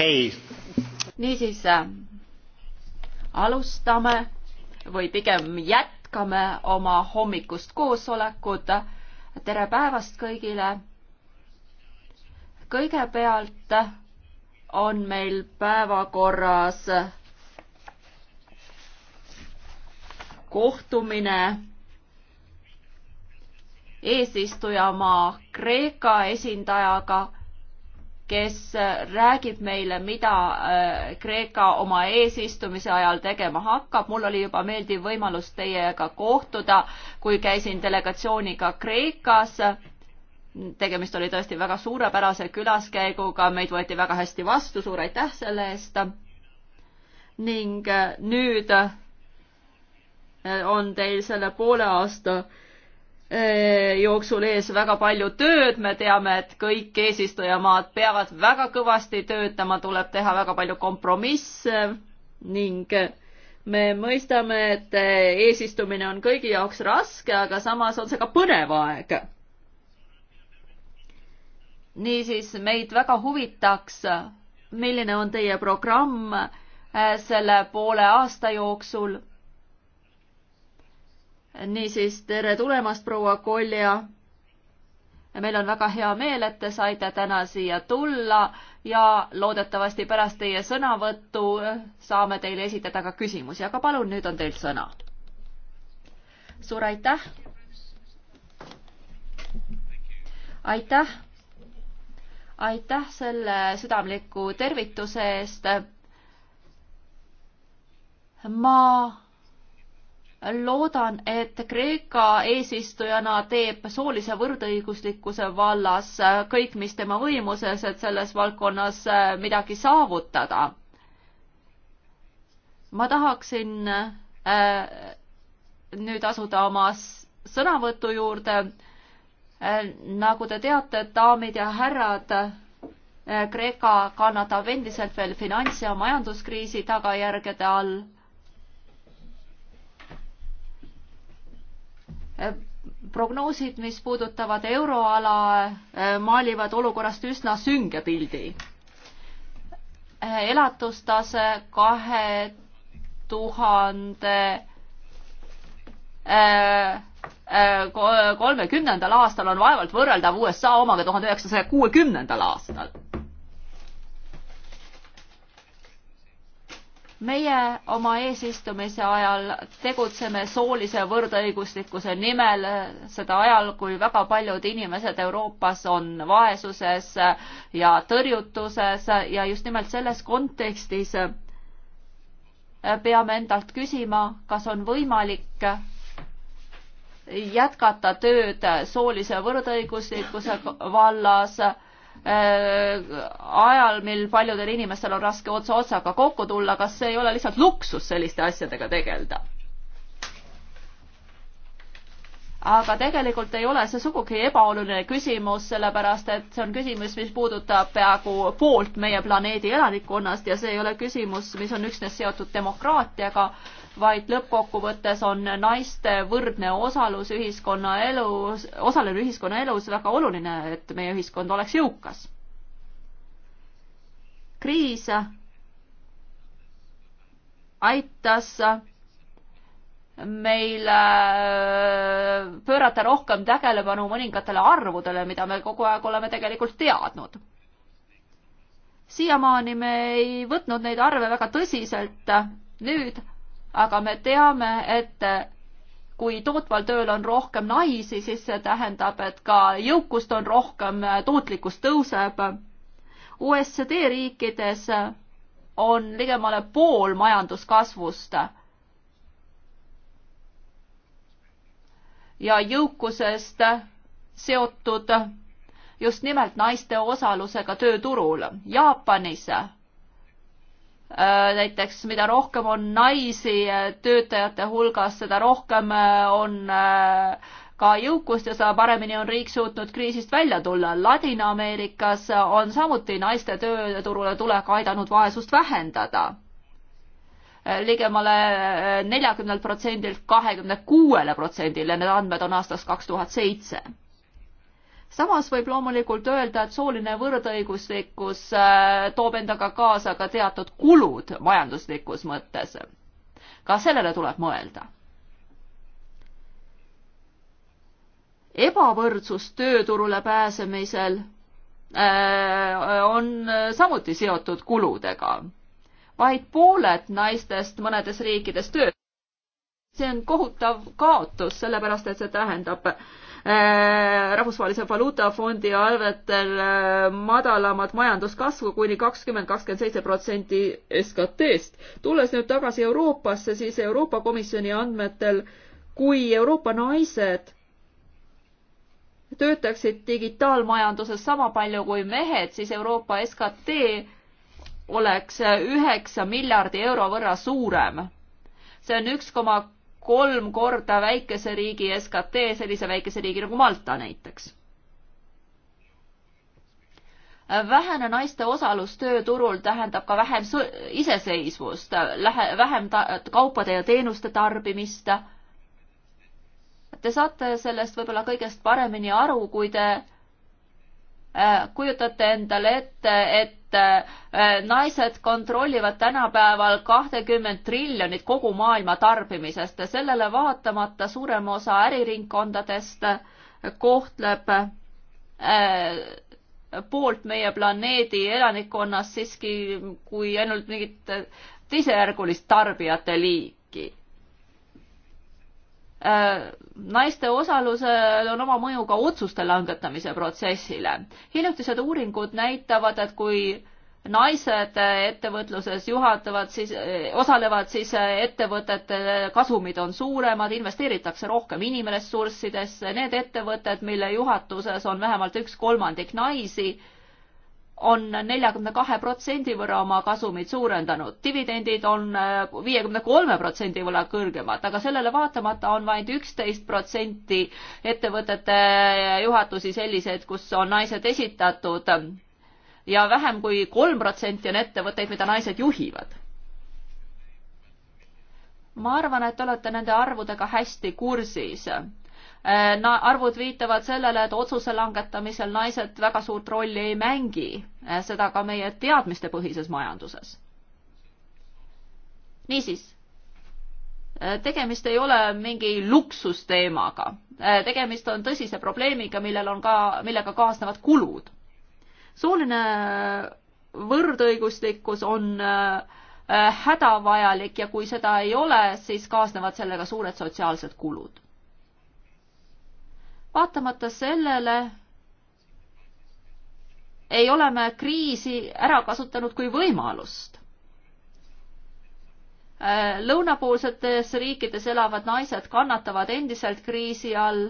okay.. niisiis, äh, alustame või pigem jätkame oma hommikust koosolekut. tere päevast kõigile. kõigepealt on meil päevakorras kohtumine eesistujamaa Kreeka esindajaga kes äh, räägib meile, mida äh, Kreeka oma eesistumise ajal tegema hakkab. mul oli juba meeldiv võimalus teiega kohtuda, kui käisin delegatsiooniga Kreekas. tegemist oli tõesti väga suurepärase külaskäiguga, meid võeti väga hästi vastu, suur aitäh selle eest. ning äh, nüüd on teil selle poole aasta Eh, jooksul ees väga palju tööd, me teame, et kõik eesistujamaad peavad väga kõvasti töötama, tuleb teha väga palju kompromisse ning me mõistame, et eesistumine on kõigi jaoks raske, aga samas on see ka põnev aeg. niisiis, meid väga huvitaks, milline on teie programm eh, selle poole aasta jooksul niisiis, tere tulemast, proua Kolja. meil on väga hea meel, et te saite täna siia tulla ja loodetavasti pärast teie sõnavõttu saame teile esitada ka küsimusi, aga palun, nüüd on teil sõna. suur aitäh. aitäh. aitäh selle südamliku tervituse eest. ma loodan, et Kreeka eesistujana teeb soolise võrdõiguslikkuse vallas kõik, mis tema võimuses, et selles valdkonnas midagi saavutada. ma tahaksin äh, nüüd asuda oma sõnavõtu juurde äh,. nagu te teate, daamid ja härrad äh,, Kreeka kannatab endiselt veel finants- ja majanduskriisi tagajärgede all prognoosid, mis puudutavad euroala, eh, maalivad olukorrast üsna sünge pildi. Eh, elatustase kahe tuhande eh, kolmekümnendal aastal on vaevalt võrreldav USA omaga tuhande üheksasaja kuuekümnendal aastal meie oma eesistumise ajal tegutseme soolise võrdõiguslikkuse nimel, seda ajal, kui väga paljud inimesed Euroopas on vaesuses ja tõrjutuses ja just nimelt selles kontekstis peame endalt küsima, kas on võimalik jätkata tööd soolise võrdõiguslikkuse vallas Äh, ajal, mil paljudel inimestel on raske ots otsaga kokku tulla, kas ei ole lihtsalt luksus selliste asjadega tegeleda? aga tegelikult ei ole see sugugi ebaoluline küsimus, sellepärast et see on küsimus, mis puudutab peaaegu poolt meie planeedi elanikkonnast ja see ei ole küsimus, mis on üksnes seotud demokraatiaga, vaid lõppkokkuvõttes on naiste võrdne osalus ühiskonnaelus, osalemine ühiskonnaelus väga oluline, et meie ühiskond oleks jõukas. kriis aitas meil pöörata rohkem tähelepanu mõningatele arvudele, mida me kogu aeg oleme tegelikult teadnud. siiamaani me ei võtnud neid arve väga tõsiselt, nüüd aga me teame, et kui tootval tööl on rohkem naisi, siis see tähendab, et ka jõukust on rohkem, tootlikkus tõuseb. OECD riikides on ligemale pool majanduskasvust ja jõukusest seotud just nimelt naiste osalusega tööturul. Jaapanis äh, näiteks, mida rohkem on naisi äh, töötajate hulgas, seda rohkem äh, on ka jõukust ja seda paremini on riik suutnud kriisist välja tulla. Ladina-Ameerikas on samuti naiste tööturule tulek aidanud vaesust vähendada Äh, ligemale äh, neljakümnelt protsendilt kahekümne kuuele protsendile, need andmed on aastast kaks tuhat seitse samas võib loomulikult öelda, et sooline võrdõiguslikkus äh, toob endaga kaasa ka teatud kulud majanduslikus mõttes. ka sellele tuleb mõelda. ebavõrdsus tööturule pääsemisel on samuti seotud kuludega vaid pooled naistest mõnedes riikides töötavad. see on kohutav kaotus, sellepärast et see tähendab äh, rahvusvahelise valuutafondi arvetel äh, madalamat majanduskasvu kuni kakskümmend, kakskümmend seitse protsenti SKT-st. tulles nüüd tagasi Euroopasse, siis Euroopa Komisjoni andmetel, kui Euroopa naised töötaksid digitaalmajanduses sama palju kui mehed, siis Euroopa SKT oleks üheksa miljardi euro võrra suurem. see on üks koma kolm korda väikese riigi SKT, sellise väikese riigi nagu Malta näiteks. vähene naiste osalus tööturul tähendab ka vähem iseseisvust, vähem kaupade ja teenuste tarbimist. Te saate sellest võib-olla kõigest paremini aru, kui te äh, kujutate endale ette, et et äh, naised kontrollivad tänapäeval kahtekümmet triljonit kogu maailma tarbimisest ja sellele vaatamata suurem osa äriringkondadest kohtleb äh, poolt meie planeedi elanikkonnast siiski kui ainult mingit teisejärgulist tarbijate liiki naiste osalusel on oma mõju ka otsuste langetamise protsessile. hiljutised uuringud näitavad, et kui naised ettevõtluses juhatavad, siis osalevad, siis ettevõtete kasumid on suuremad, investeeritakse rohkem inimressurssidesse, need ettevõtted, mille juhatuses on vähemalt üks kolmandik naisi, on neljakümne kahe protsendi võrra oma kasumit suurendanud, dividendid on äh, viiekümne kolme protsendi võrra kõrgemad, aga sellele vaatamata on vaid üksteist protsenti ettevõtete äh, juhatusi sellised, kus on naised esitatud ja vähem kui kolm protsenti on ettevõtteid, mida naised juhivad. ma arvan, et olete nende arvudega hästi kursis Äh, na-, arvud viitavad sellele, et otsuse langetamisel naised väga suurt rolli ei mängi, äh, seda ka meie teadmistepõhises majanduses. niisiis, äh, tegemist ei ole mingi luksusteemaga, tegemist on tõsise probleemiga, millel on ka, millega kaasnevad kulud. sooline võrdõiguslikkus on hädavajalik ja kui seda ei ole, siis kaasnevad sellega suured sotsiaalsed kulud vaatamata sellele ei ole me kriisi ära kasutanud kui võimalust. Äh, lõunapoolsetes riikides elavad naised kannatavad endiselt kriisi all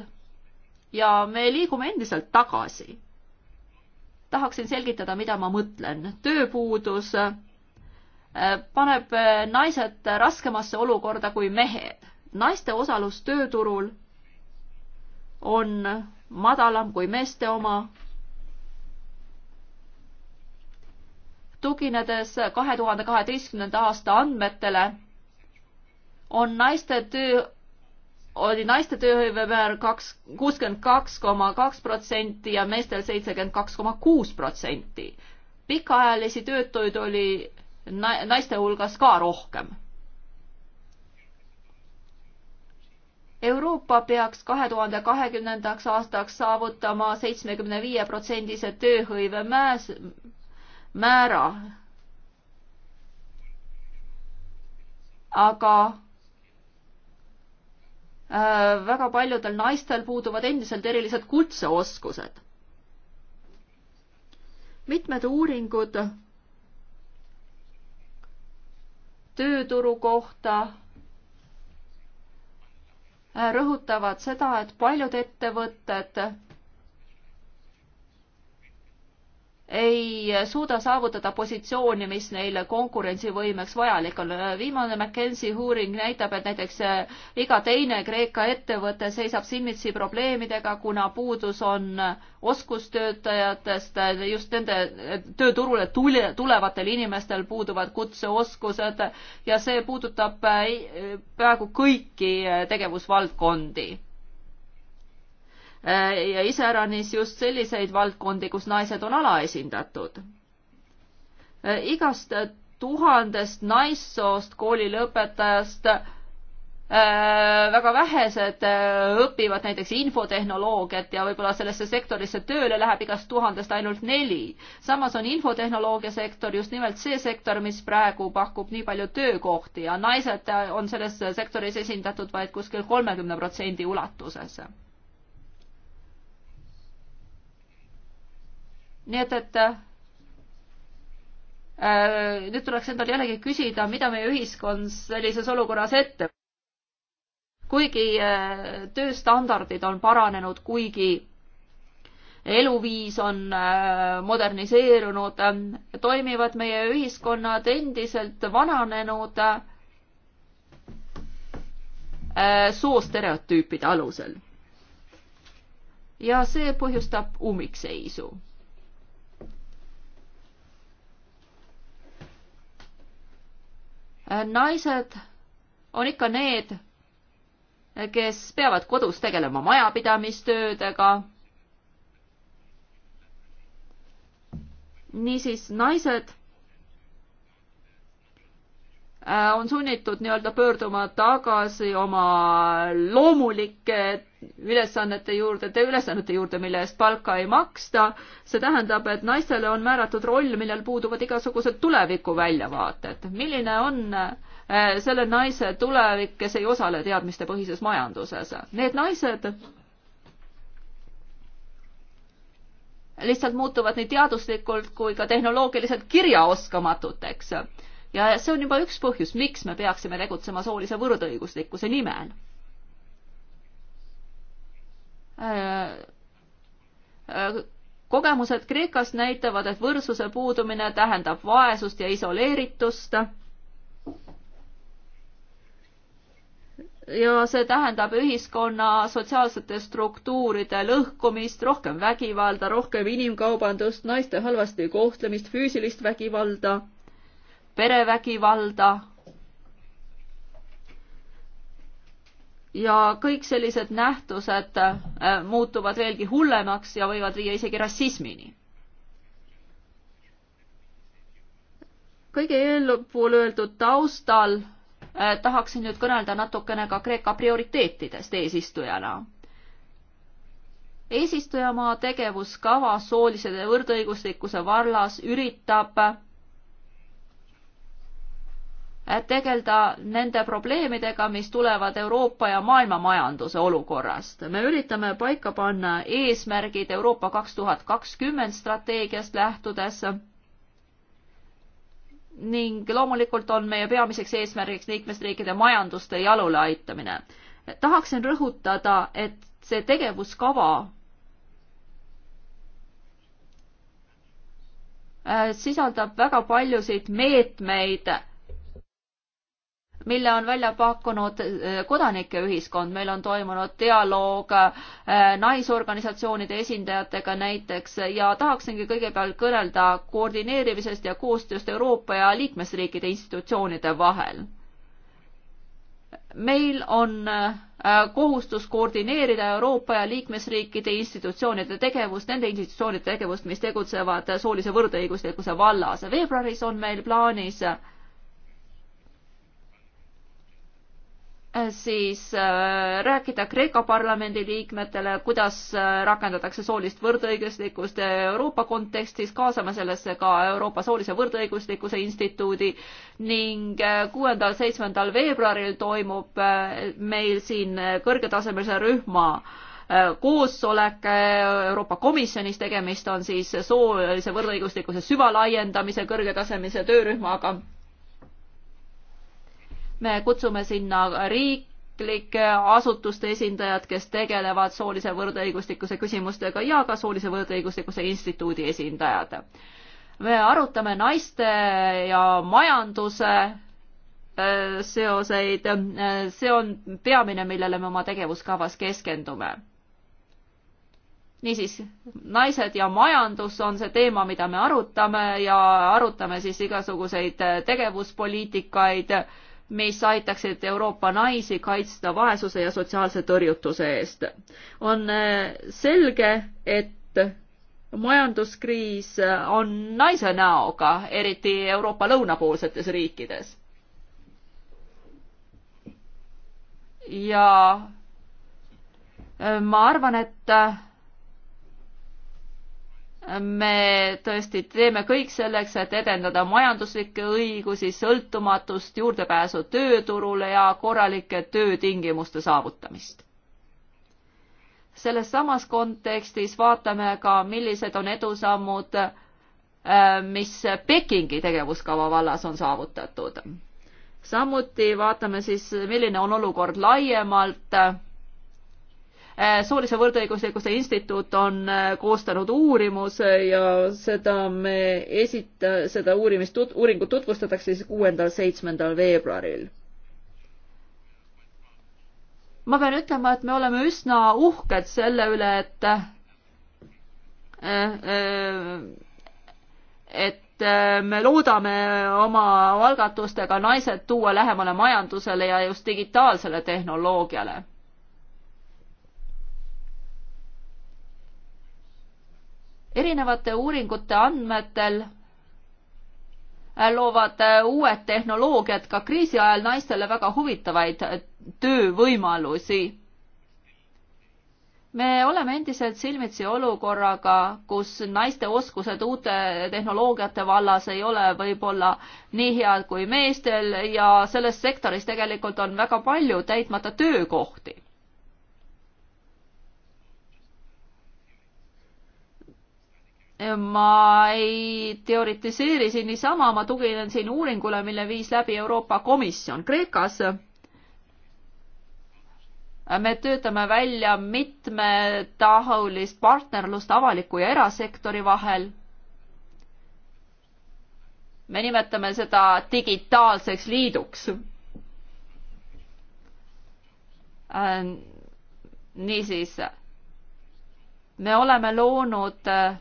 ja me liigume endiselt tagasi. tahaksin selgitada, mida ma mõtlen. tööpuudus äh, paneb naised raskemasse olukorda kui mehed. naiste osalus tööturul on madalam kui meeste oma. tuginedes kahe tuhande kaheteistkümnenda aasta andmetele, on naiste töö, oli naiste tööhõive määr kaks, kuuskümmend kaks koma kaks protsenti ja meestel seitsekümmend kaks koma kuus protsenti. pikaajalisi töötuid oli naiste hulgas ka rohkem Euroopa peaks kahe tuhande kahekümnendaks aastaks saavutama seitsmekümne viie protsendise tööhõive määs, määra. aga äh, väga paljudel naistel puuduvad endiselt erilised kutseoskused. mitmed uuringud tööturu kohta rõhutavad seda, et paljud ettevõtted ei suuda saavutada positsiooni, mis neile konkurentsivõimeks vajalik on. viimane McKenzie uuring näitab, et näiteks eh, iga teine Kreeka ettevõte seisab silmitsi probleemidega, kuna puudus on oskustöötajatest, just nende eh, tööturule tule, tulevatel inimestel puuduvad kutseoskused ja see puudutab eh, peaaegu kõiki tegevusvaldkondi Äh, ja iseäranis just selliseid valdkondi, kus naised on alaesindatud. Äh, igast tuhandest naissoost koolilõpetajast äh, väga vähesed õpivad näiteks infotehnoloogiat ja võib-olla sellesse sektorisse tööle läheb igast tuhandest ainult neli. samas on infotehnoloogia sektor just nimelt see sektor, mis praegu pakub nii palju töökohti ja naised on selles sektoris esindatud vaid kuskil kolmekümne protsendi ulatuses. Ulatuses. nii et, et äh, nüüd tuleks endal jällegi küsida, mida meie ühiskond sellises olukorras ette. kuigi äh, tööstandardid on paranenud, kuigi eluviis on äh, moderniseerunud, äh, toimivad meie ühiskonnad endiselt vananenud äh, soostereotüüpide alusel. ja see põhjustab ummikseisu Äh, naised on ikka need, kes peavad kodus tegelema majapidamistöödega. niisiis, naised äh, on sunnitud nii-öelda pöörduma tagasi oma loomulike ülesannete juurde, ülesannete juurde, mille eest palka ei maksta. see tähendab, et naistele on määratud roll, millel puuduvad igasugused tulevikuväljavaated. milline on eh, selle naise tulevik, kes ei osale teadmistepõhises majanduses? Need naised lihtsalt muutuvad nii teaduslikult kui ka tehnoloogiliselt kirjaoskamatuteks. ja see on juba üks põhjus, miks me peaksime tegutsema soolise võrdõiguslikkuse nimel Äh, äh, kogemused Kreekas näitavad, et võrdsuse puudumine tähendab vaesust ja isoleeritust. ja see tähendab ühiskonna sotsiaalsete struktuuride lõhkumist, rohkem vägivalda, rohkem inimkaubandust, naiste halvasti kohtlemist, füüsilist vägivalda, perevägivalda ja kõik sellised nähtused äh, muutuvad veelgi hullemaks ja võivad viia isegi rassismini. kõige eelpool öeldud taustal äh, tahaksin nüüd kõnelda natukene ka Kreeka prioriteetidest eesistujana. eesistujamaa tegevuskava soolise võrdõiguslikkuse vallas üritab tegeleda nende probleemidega, mis tulevad Euroopa ja maailma majanduse olukorrast. me üritame paika panna eesmärgid Euroopa kaks tuhat kakskümmend strateegiast lähtudes ning loomulikult on meie peamiseks eesmärgiks liikmesriikide majanduste jalule aitamine. tahaksin rõhutada, et see tegevuskava äh, sisaldab väga paljusid meetmeid mille on välja pakkunud äh, kodanikeühiskond, meil on toimunud dialoog äh, naisorganisatsioonide esindajatega näiteks ja tahaksingi kõigepealt kõnelda koordineerimisest ja koostööst Euroopa ja liikmesriikide institutsioonide vahel. meil on äh, kohustus koordineerida Euroopa ja liikmesriikide institutsioonide tegevust, nende institutsioonide tegevust, mis tegutsevad soolise võrdõiguslikkuse vallas. veebruaris on meil plaanis Äh, siis äh, rääkida Kreeka parlamendi liikmetele, kuidas äh, rakendatakse soolist võrdõiguslikkust Euroopa kontekstis, kaasame sellesse ka Euroopa Soolise Võrdõiguslikkuse Instituudi ning kuuendal-seitsmendal veebruaril toimub meil siin kõrgetasemelise rühma koosolek Euroopa Komisjonis, tegemist on siis soolise võrdõiguslikkuse süvalaiendamise kõrgetasemelise töörühmaga me kutsume sinna riiklike asutuste esindajad, kes tegelevad soolise võrdõiguslikkuse küsimustega ja ka soolise võrdõiguslikkuse instituudi esindajad. me arutame naiste ja majanduse äh, seoseid, see on peamine, millele me oma tegevuskavas keskendume. niisiis, naised ja majandus on see teema, mida me arutame ja arutame siis igasuguseid tegevuspoliitikaid mis aitaksid Euroopa naisi kaitsta vaesuse ja sotsiaalse tõrjutuse eest. on äh, selge, et majanduskriis äh, on naise näoga, eriti Euroopa lõunapoolsetes riikides. ja äh, ma arvan, et me tõesti teeme kõik selleks, et edendada majanduslikke õigusi, sõltumatust, juurdepääsu tööturule ja korralike töötingimuste saavutamist. selles samas kontekstis vaatame ka, millised on edusammud, äh, mis Pekingi tegevuskava vallas on saavutatud. samuti vaatame siis, milline on olukord laiemalt Äh, soolise võrdõiguslikkuse instituut on äh, koostanud uurimuse ja seda me esita-, seda uurimist, uuringut tutvustatakse siis kuuendal, seitsmendal veebruaril. ma pean ütlema, et me oleme üsna uhked selle üle, et äh, et me loodame oma algatustega naised tuua lähemale majandusele ja just digitaalsele tehnoloogiale erinevate uuringute andmetel äh, loovad äh, uued tehnoloogiad ka kriisi ajal naistele väga huvitavaid äh, töövõimalusi. me oleme endiselt silmitsi olukorraga, kus naiste oskused uute tehnoloogiate vallas ei ole võib-olla nii head kui meestel ja selles sektoris tegelikult on väga palju täitmata töökohti. ma ei teoritiseeri siin niisama, ma tuginen siin uuringule, mille viis läbi Euroopa Komisjon Kreekas. me töötame välja mitmetahulist partnerlust avaliku ja erasektori vahel. me nimetame seda digitaalseks liiduks. Äh, niisiis, me oleme loonud äh,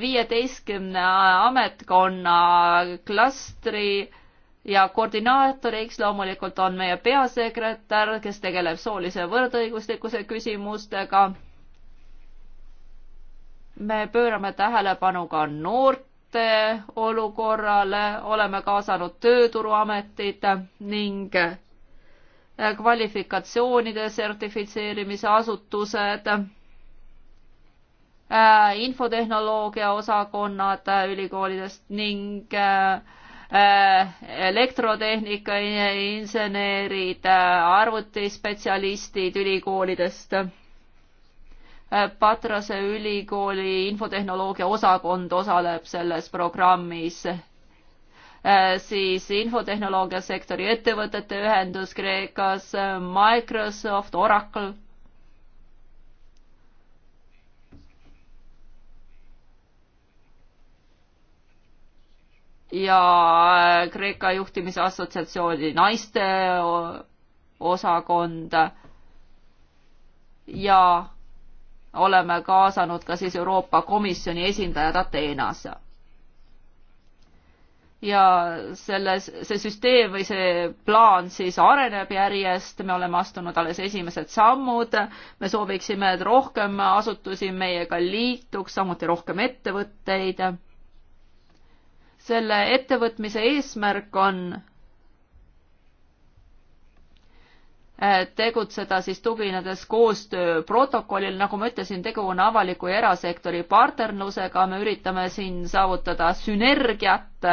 viieteistkümne ametkonna klastri ja koordinaatoriks loomulikult on meie peasekretär, kes tegeleb soolise võrdõiguslikkuse küsimustega. me pöörame tähelepanu ka noorte olukorrale, oleme kaasanud Tööturuametid ning kvalifikatsioonide sertifitseerimise asutused Äh, infotehnoloogia osakonnad äh, ülikoolidest ning äh, elektrotehnika insenerid, arvutispetsialistid ülikoolidest. Patrase ülikooli infotehnoloogia osakond osaleb selles programmis siis infotehnoloogiasektori ettevõtete ühendus Kreekas, Microsoft, Oracle ja äh, Kreeka juhtimise assotsiatsiooni naiste osakond ja oleme kaasanud ka siis Euroopa Komisjoni esindajad Ateenas. ja selles, see süsteem või see plaan siis areneb järjest, me oleme astunud alles esimesed sammud, me sooviksime, et rohkem asutusi meiega liituks, samuti rohkem ettevõtteid selle ettevõtmise eesmärk on äh, tegutseda siis tuginedes koostööprotokollil, nagu ma ütlesin, tegu on avaliku ja erasektori partnerlusega, me üritame siin saavutada sünergiat,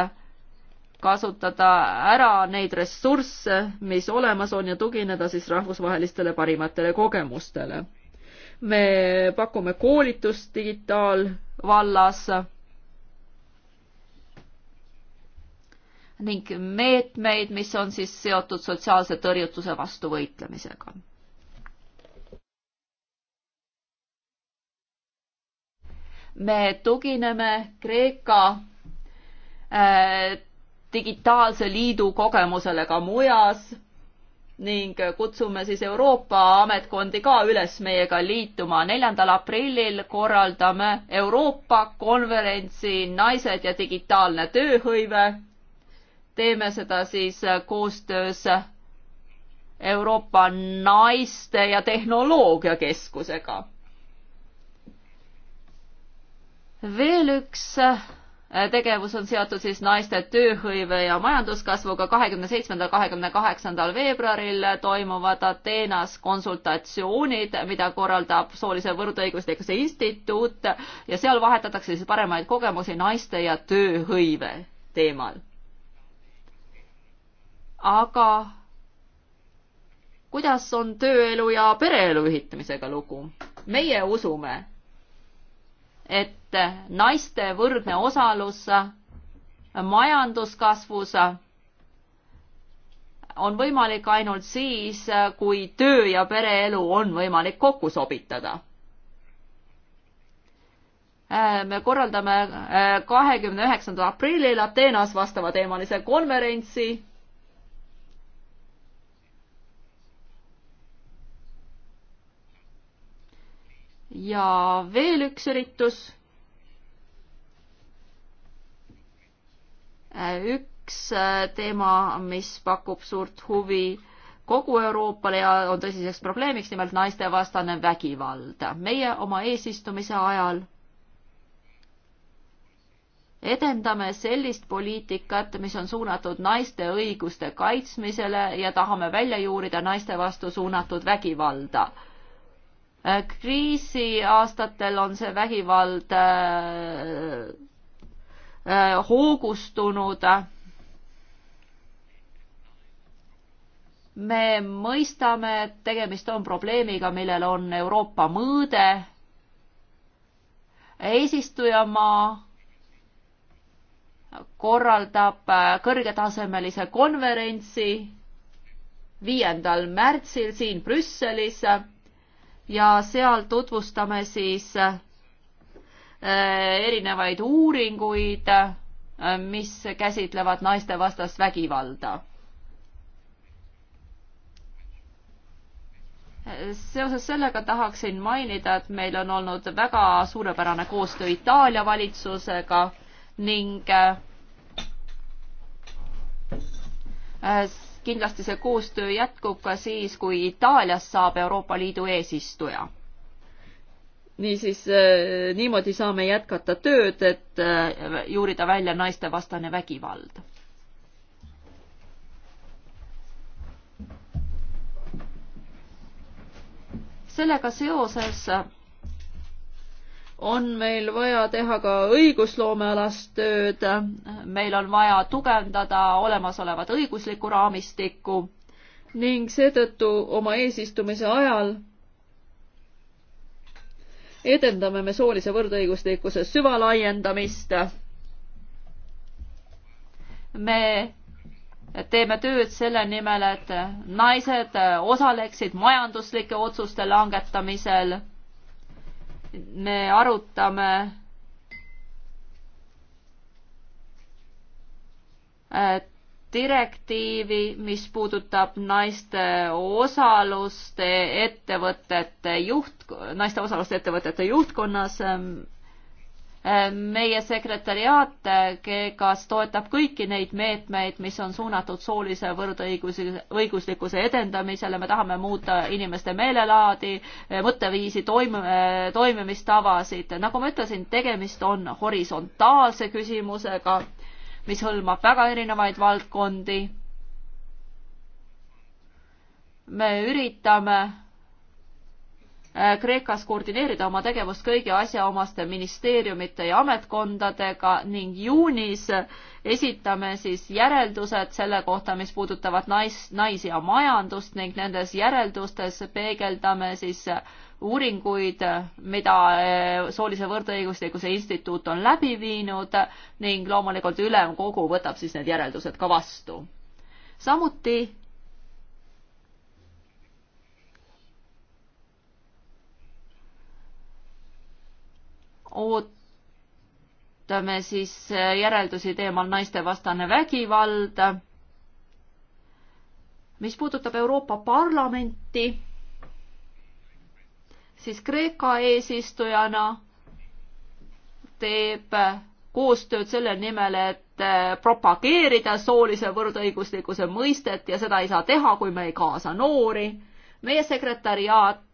kasutada ära neid ressursse, mis olemas on ja tugineda siis rahvusvahelistele parimatele kogemustele. me pakume koolitust digitaalvallas ning meetmeid, mis on siis seotud sotsiaalse tõrjutuse vastu võitlemisega. me tugineme Kreeka äh, digitaalse liidu kogemusele ka mujas ning kutsume siis Euroopa ametkondi ka üles meiega liituma. neljandal aprillil korraldame Euroopa konverentsi Naised ja digitaalne tööhõive teeme seda siis äh, koostöös Euroopa Naiste ja Tehnoloogiakeskusega. veel üks äh, tegevus on seotud siis naiste tööhõive ja majanduskasvuga. kahekümne seitsmendal, kahekümne kaheksandal veebruaril toimuvad Ateenas konsultatsioonid, mida korraldab soolise võrdõiguslikkuse instituut ja seal vahetatakse siis paremaid kogemusi naiste ja tööhõive teemal aga kuidas on tööelu ja pereelu ühitamisega lugu? meie usume, et naiste võrdne osalus majanduskasvus on võimalik ainult siis, kui töö ja pereelu on võimalik kokku sobitada. me korraldame eh, kahekümne üheksandal aprillil Ateenas vastavateemalise konverentsi ja veel üks üritus. üks äh, teema, mis pakub suurt huvi kogu Euroopale ja on tõsiseks probleemiks, nimelt naistevastane vägivald. meie oma eesistumise ajal edendame sellist poliitikat, mis on suunatud naiste õiguste kaitsmisele ja tahame välja juurida naiste vastu suunatud vägivalda Äh, kriisiaastatel on see vägivald äh, äh, hoogustunud. me mõistame, et tegemist on probleemiga, millel on Euroopa mõõde. eesistujamaa korraldab kõrgetasemelise konverentsi viiendal märtsil siin Brüsselis ja seal tutvustame siis äh, erinevaid uuringuid, äh, mis käsitlevad naistevastast vägivalda. seoses sellega tahaksin mainida, et meil on olnud väga suurepärane koostöö Itaalia valitsusega ning äh, kindlasti see koostöö jätkub ka siis, kui Itaaliast saab Euroopa Liidu eesistuja. niisiis, äh, niimoodi saame jätkata tööd, et äh, juurida välja naistevastane vägivald. sellega seoses on meil vaja teha ka õigusloomealast tööd, meil on vaja tugevdada olemasolevat õiguslikku raamistikku ning seetõttu oma eesistumise ajal edendame me soolise võrdõiguslikkuse süvalaiendamist. me teeme tööd selle nimel, et naised osaleksid majanduslike otsuste langetamisel me arutame äh, direktiivi, mis puudutab naiste osalust ettevõtete juht, naiste osalust ettevõtete juhtkonnas. Ähm, Äh, meie sekretäriaat, äh, kes toetab kõiki neid meetmeid, mis on suunatud soolise võrdõiguslikkuse edendamisele, me tahame muuta inimeste meelelaadi, äh, mõtteviisi, toim-, toimimistavasid. nagu ma ütlesin, tegemist on horisontaalse küsimusega, mis hõlmab väga erinevaid valdkondi. me üritame Äh, Kreekas koordineerida oma tegevust kõigi asjaomaste ministeeriumite ja ametkondadega ning juunis esitame siis järeldused selle kohta, mis puudutavad nais, naisi ja majandust ning nendes järeldustes peegeldame siis uuringuid, mida äh, Soolise võrdõiguslikkuse instituut on läbi viinud ning loomulikult ülemkogu võtab siis need järeldused ka vastu. samuti ootame siis järeldusi teemal naistevastane vägivald. mis puudutab Euroopa Parlamenti, siis Kreeka eesistujana teeb koostööd selle nimel, et propageerida soolise võrdõiguslikkuse mõistet ja seda ei saa teha, kui me ei kaasa noori. meie sekretäriaat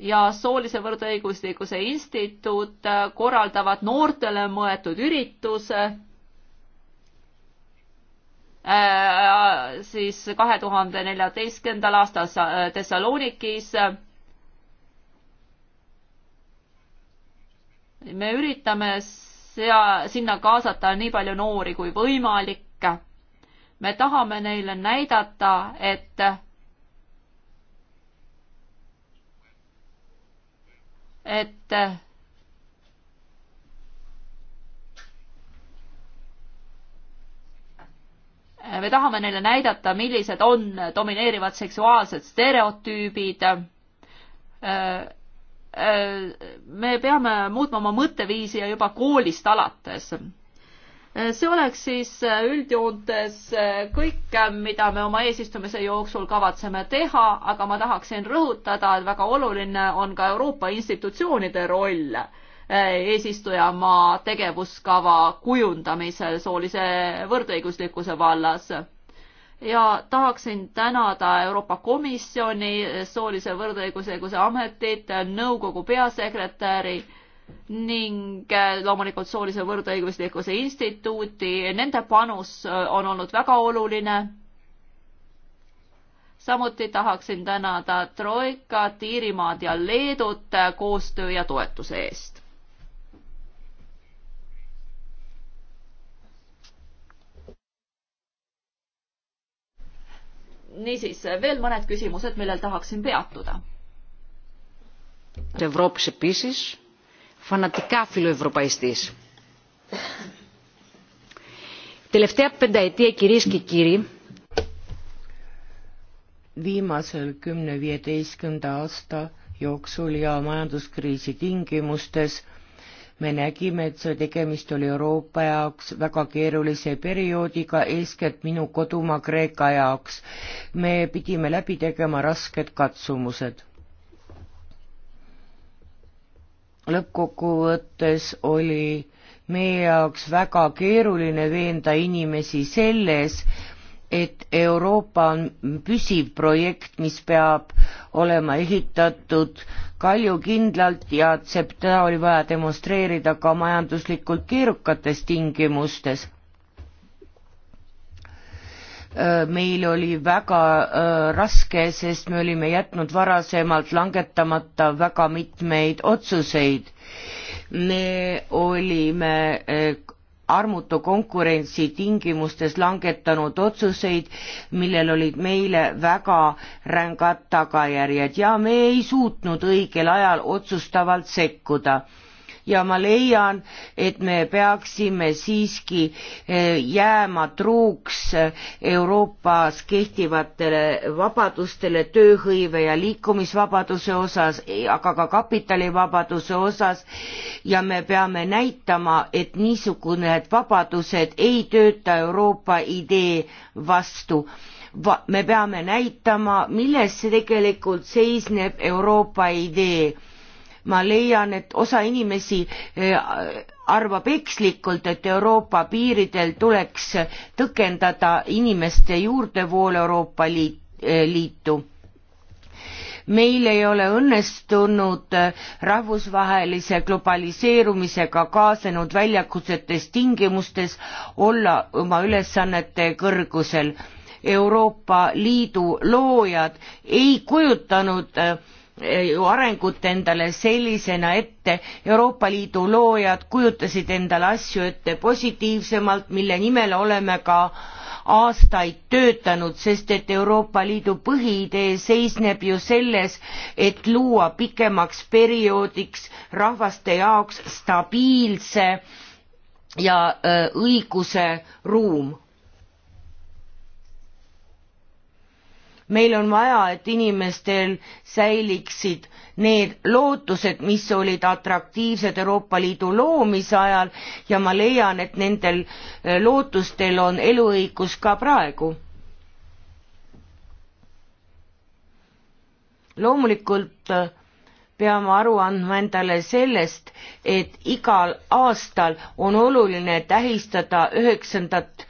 ja Soolise Võrdõiguslikkuse Instituut korraldavad noortele mõeldud ürituse Äh, siis kahe tuhande neljateistkümnendal aastal Thessalonikis. me üritame sea-, sinna kaasata nii palju noori kui võimalik. me tahame neile näidata, et et me tahame neile näidata, millised on domineerivad seksuaalsed stereotüübid. Äh, äh, me peame muutma oma mõtteviisi ja juba koolist alates see oleks siis äh, üldjoontes äh, kõik, äh, mida me oma eesistumise jooksul kavatseme teha, aga ma tahaksin rõhutada, et väga oluline on ka Euroopa institutsioonide roll eesistujamaa tegevuskava kujundamisel soolise võrdõiguslikkuse vallas. ja tahaksin tänada Euroopa Komisjoni, soolise võrdõiguslikkuse ametit, nõukogu peasekretäri ning äh, loomulikult soolise võrdõiguslikkuse instituuti, nende panus äh, on olnud väga oluline. samuti tahaksin tänada Troikat, Iirimaad ja Leedut äh, koostöö ja toetuse eest. niisiis, veel mõned küsimused, millel tahaksin peatuda. Euroopas ja Piisis φανατικά φιλοευρωπαϊστής. Τελευταία πενταετία, κυρίες και κύριοι, viimasel kümne viieteistkümnenda aasta jooksul ja majanduskriisi tingimustes me nägime, et see tegemist oli Euroopa jaoks väga keerulise perioodiga, eeskätt minu kodumaa Kreeka jaoks. me pidime läbi tegema rasked katsumused lõppkokkuvõttes oli meie jaoks väga keeruline veenda inimesi selles, et Euroopa on püsiv projekt, mis peab olema ehitatud kaljukindlalt ja seda oli vaja demonstreerida ka majanduslikult keerukates tingimustes Äh, meil oli väga äh, raske, sest me olime jätnud varasemalt langetamata väga mitmeid otsuseid. me olime äh, armutu konkurentsi tingimustes langetanud otsuseid, millel olid meile väga rängad tagajärjed ja me ei suutnud õigel ajal otsustavalt sekkuda ja ma leian, et me peaksime siiski eh, jääma truuks eh, Euroopas kehtivatele vabadustele tööhõive ja liikumisvabaduse osas, aga ka kapitalivabaduse osas ja me peame näitama, et niisugune vabadused ei tööta Euroopa idee vastu va. me peame näitama, milles tegelikult seisneb Euroopa idee ma leian, et osa inimesi eh, arvab ekslikult, et Euroopa piiridel tuleks tõkendada inimeste juurdevool Euroopa Liit, eh, Liitu. meil ei ole õnnestunud eh, rahvusvahelise globaliseerumisega kaasnenud väljakutsetes tingimustes olla oma ülesannete kõrgusel. Euroopa Liidu loojad ei kujutanud äh, Eh, ju arengut endale sellisena ette, Euroopa Liidu loojad kujutasid endale asju ette positiivsemalt, mille nimel oleme ka aastaid töötanud, sest et Euroopa Liidu põhiidee seisneb ju selles, et luua pikemaks perioodiks rahvaste jaoks stabiilse ja äh, õiguse ruum meil on vaja, et inimestel säiliksid need lootused, mis olid atraktiivsed Euroopa Liidu loomise ajal ja ma leian, et nendel eh, lootustel on eluõigus ka praegu. loomulikult eh, peame aru andma endale sellest, et igal aastal on oluline tähistada üheksandat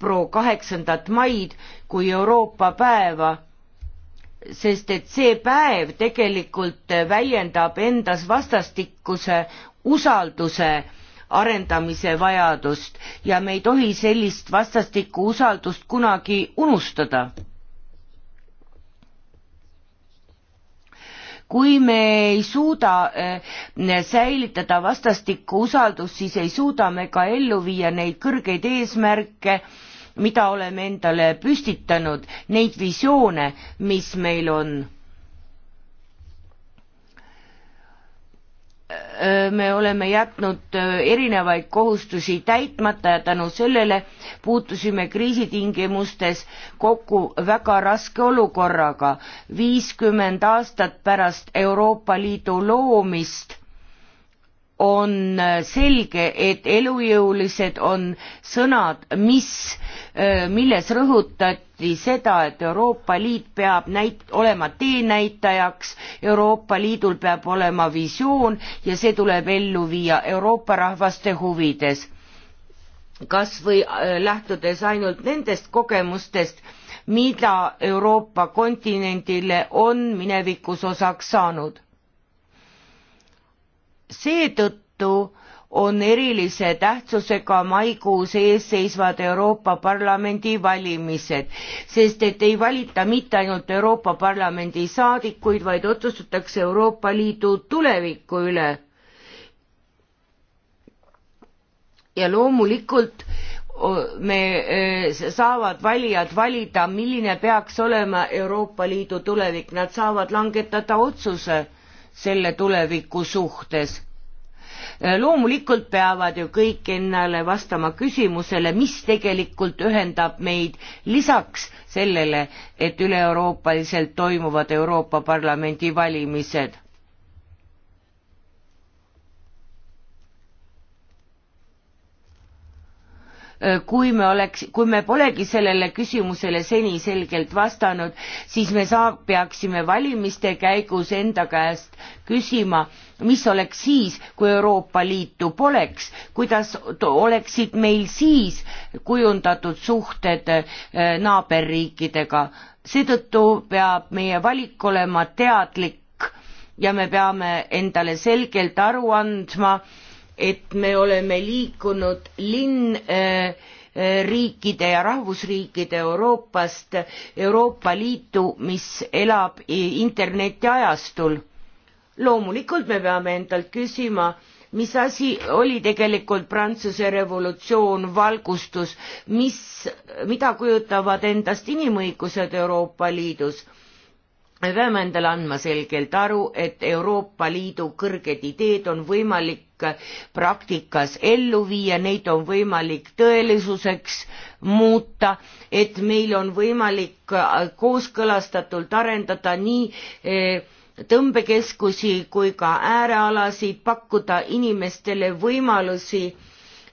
pro kaheksandat maid kui Euroopa päeva, sest et see päev tegelikult väljendab endas vastastikuse usalduse arendamise vajadust ja me ei tohi sellist vastastikku usaldust kunagi unustada. kui me ei suuda eh, säilitada vastastikku usaldust, siis ei suuda me ka ellu viia neid kõrgeid eesmärke, mida oleme endale püstitanud, neid visioone, mis meil on. me oleme jätnud erinevaid kohustusi täitmata ja tänu sellele puutusime kriisitingimustes kokku väga raske olukorraga. viiskümmend aastat pärast Euroopa Liidu loomist on selge, et elujõulised on sõnad, mis, äh, milles rõhutati seda, et Euroopa Liit peab näit-, olema teenäitajaks, Euroopa Liidul peab olema visioon ja see tuleb ellu viia Euroopa rahvaste huvides. kas või äh, lähtudes ainult nendest kogemustest, mida Euroopa kontinendile on minevikus osaks saanud seetõttu on erilise tähtsusega maikuus ees seisvad Euroopa Parlamendi valimised, sest et ei valita mitte ainult Euroopa Parlamendi saadikuid, vaid otsustatakse Euroopa Liidu tuleviku üle. ja loomulikult me eh, saavad valijad valida, milline peaks olema Euroopa Liidu tulevik, nad saavad langetada otsuse selle tuleviku suhtes. loomulikult peavad ju kõik endale vastama küsimusele, mis tegelikult ühendab meid lisaks sellele, et üle-euroopaliselt toimuvad Euroopa Parlamendi valimised Äh, kui me oleks, kui me polegi sellele küsimusele seni selgelt vastanud, siis me saa-, peaksime valimiste käigus enda käest küsima, mis oleks siis, kui Euroopa Liitu poleks, kuidas oleksid meil siis kujundatud suhted äh, naaberriikidega. seetõttu peab meie valik olema teadlik ja me peame endale selgelt aru andma, et me oleme liikunud linn äh, äh, riikide ja rahvusriikide Euroopast Euroopa Liitu, mis elab internetiajastul. loomulikult me peame endalt küsima, mis asi oli tegelikult Prantsuse revolutsioon, valgustus, mis, mida kujutavad endast inimõigused Euroopa Liidus me peame endale andma selgelt aru, et Euroopa Liidu kõrged ideed on võimalik praktikas ellu viia, neid on võimalik tõelisuseks muuta, et meil on võimalik äh, kooskõlastatult arendada nii äh, tõmbekeskusi kui ka äärealasid, pakkuda inimestele võimalusi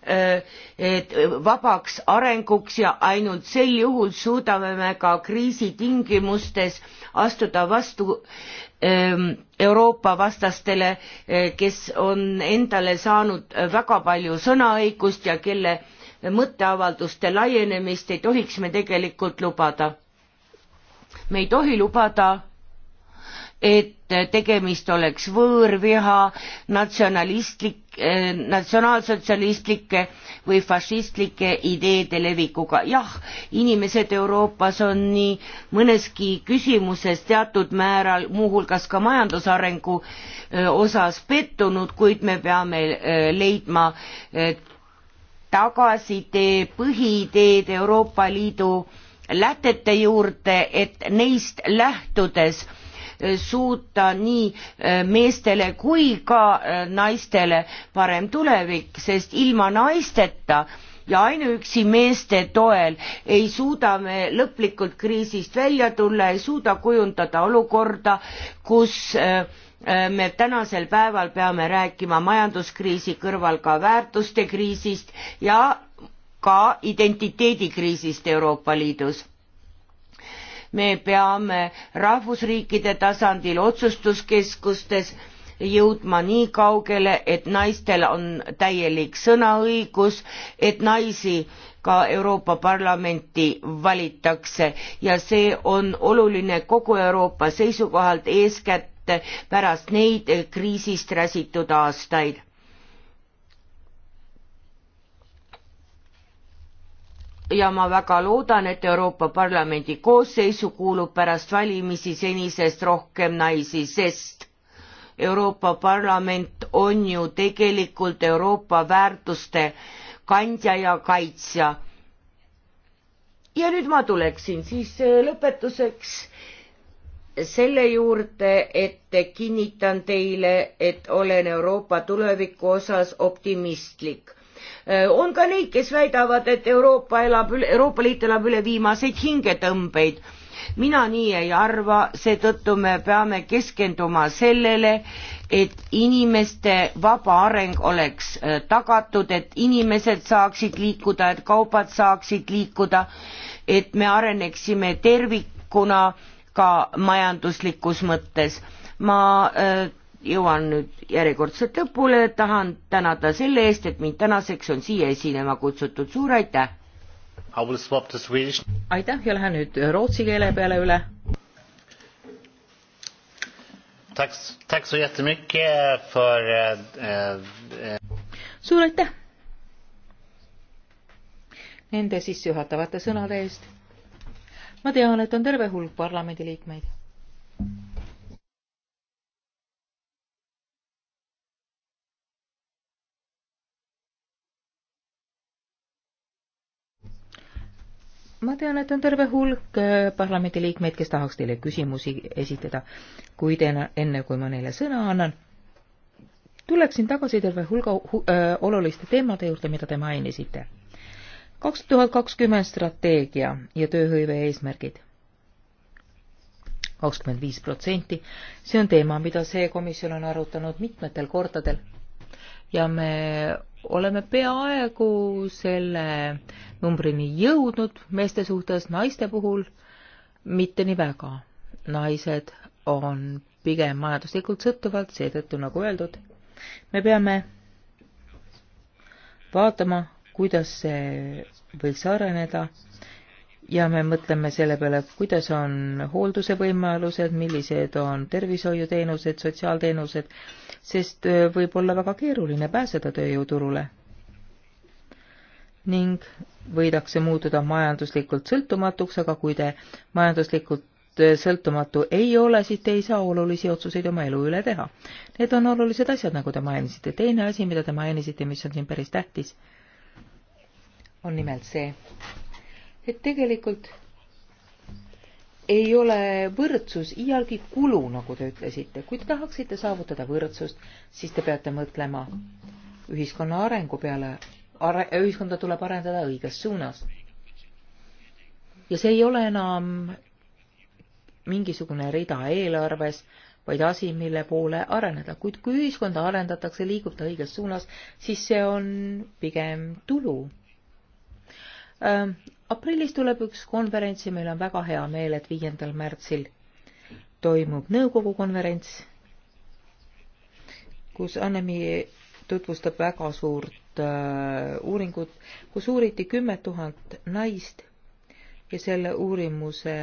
Äh, äh, vabaks arenguks ja ainult sel juhul suudame me ka kriisi tingimustes astuda vastu ähm, Euroopa vastastele, äh, kes on endale saanud väga palju sõnaõigust ja kelle mõtteavalduste laienemist ei tohiks me tegelikult lubada. me ei tohi lubada et tegemist oleks võõrviha, natsionalistlik, eh, natsionaalsotsialistlike või fašistlike ideede levikuga. jah, inimesed Euroopas on nii mõneski küsimuses teatud määral, muuhulgas ka majandusarengu eh, osas pettunud, kuid me peame eh, leidma tagasitee põhiideed Euroopa Liidu lätete juurde, et neist lähtudes suuta nii eh, meestele kui ka eh, naistele parem tulevik, sest ilma naisteta ja ainuüksi meeste toel ei suuda me lõplikult kriisist välja tulla, ei suuda kujundada olukorda, kus eh, me tänasel päeval peame rääkima majanduskriisi kõrval ka väärtuste kriisist ja ka identiteedikriisist Euroopa Liidus me peame rahvusriikide tasandil otsustuskeskustes jõudma nii kaugele, et naistel on täielik sõnaõigus, et naisi ka Euroopa Parlamenti valitakse ja see on oluline kogu Euroopa seisukohalt, eeskätt pärast neid kriisist räsitud aastaid. ja ma väga loodan, et Euroopa Parlamendi koosseisu kuulub pärast valimisi senisest rohkem naisi, sest Euroopa Parlament on ju tegelikult Euroopa väärtuste kandja ja kaitsja. ja nüüd ma tuleksin siis äh, lõpetuseks selle juurde, et kinnitan teile, et olen Euroopa tuleviku osas optimistlik Äh, on ka neid, kes väidavad, et Euroopa elab, Euroopa Liit elab üle viimaseid hingetõmbeid. mina nii ei arva, seetõttu me peame keskenduma sellele, et inimeste vaba areng oleks äh, tagatud, et inimesed saaksid liikuda, et kaubad saaksid liikuda, et me areneksime tervikuna ka majanduslikus mõttes ma äh, jõuan nüüd järjekordselt lõpule, tahan tänada selle eest, et mind tänaseks on siia esinema kutsutud, suur aitäh! aitäh ja lähen nüüd rootsi keele peale üle. Eh, eh, suur aitäh nende sissejuhatavate sõnade eest. ma tean, et on terve hulk parlamendiliikmeid ma tean, et on terve hulk äh, parlamendiliikmeid, kes tahaks teile küsimusi esitada, kuid enne kui ma neile sõna annan, tuleksin tagasi terve hulga hu öö, äh, oluliste teemade juurde, mida te mainisite. kaks tuhat kakskümmend strateegia ja tööhõive eesmärgid. kakskümmend viis protsenti, see on teema, mida see komisjon on arutanud mitmetel kordadel ja me oleme peaaegu selle numbrini jõudnud meeste suhtes, naiste puhul mitte nii väga. naised on pigem majanduslikult sõltuvad, seetõttu nagu öeldud, me peame vaatama, kuidas see võiks areneda ja me mõtleme selle peale, kuidas on hoolduse võimalused, millised on tervishoiuteenused, sotsiaalteenused, sest äh, võib olla väga keeruline pääseda tööjõuturule. ning võidakse muutuda majanduslikult sõltumatuks, aga kui te majanduslikult äh, sõltumatu ei ole, siis te ei saa olulisi otsuseid oma elu üle teha. Need on olulised asjad, nagu te mainisite. teine asi, mida te mainisite, mis on siin päris tähtis, on nimelt see, et tegelikult ei ole võrdsus iialgi kulu, nagu te ütlesite. kui te tahaksite saavutada võrdsust, siis te peate mõtlema ühiskonna arengu peale Are,. ühiskonda tuleb arendada õiges suunas. ja see ei ole enam mingisugune rida eelarves, vaid asi, mille poole areneda. kuid kui ühiskonda arendatakse, liigub ta õiges suunas, siis see on pigem tulu äh, aprillis tuleb üks konverents ja meil on väga hea meel, et viiendal märtsil toimub nõukogu konverents, kus Annemi tutvustab väga suurt äh, uuringut, kus uuriti kümme tuhat naist ja selle uurimuse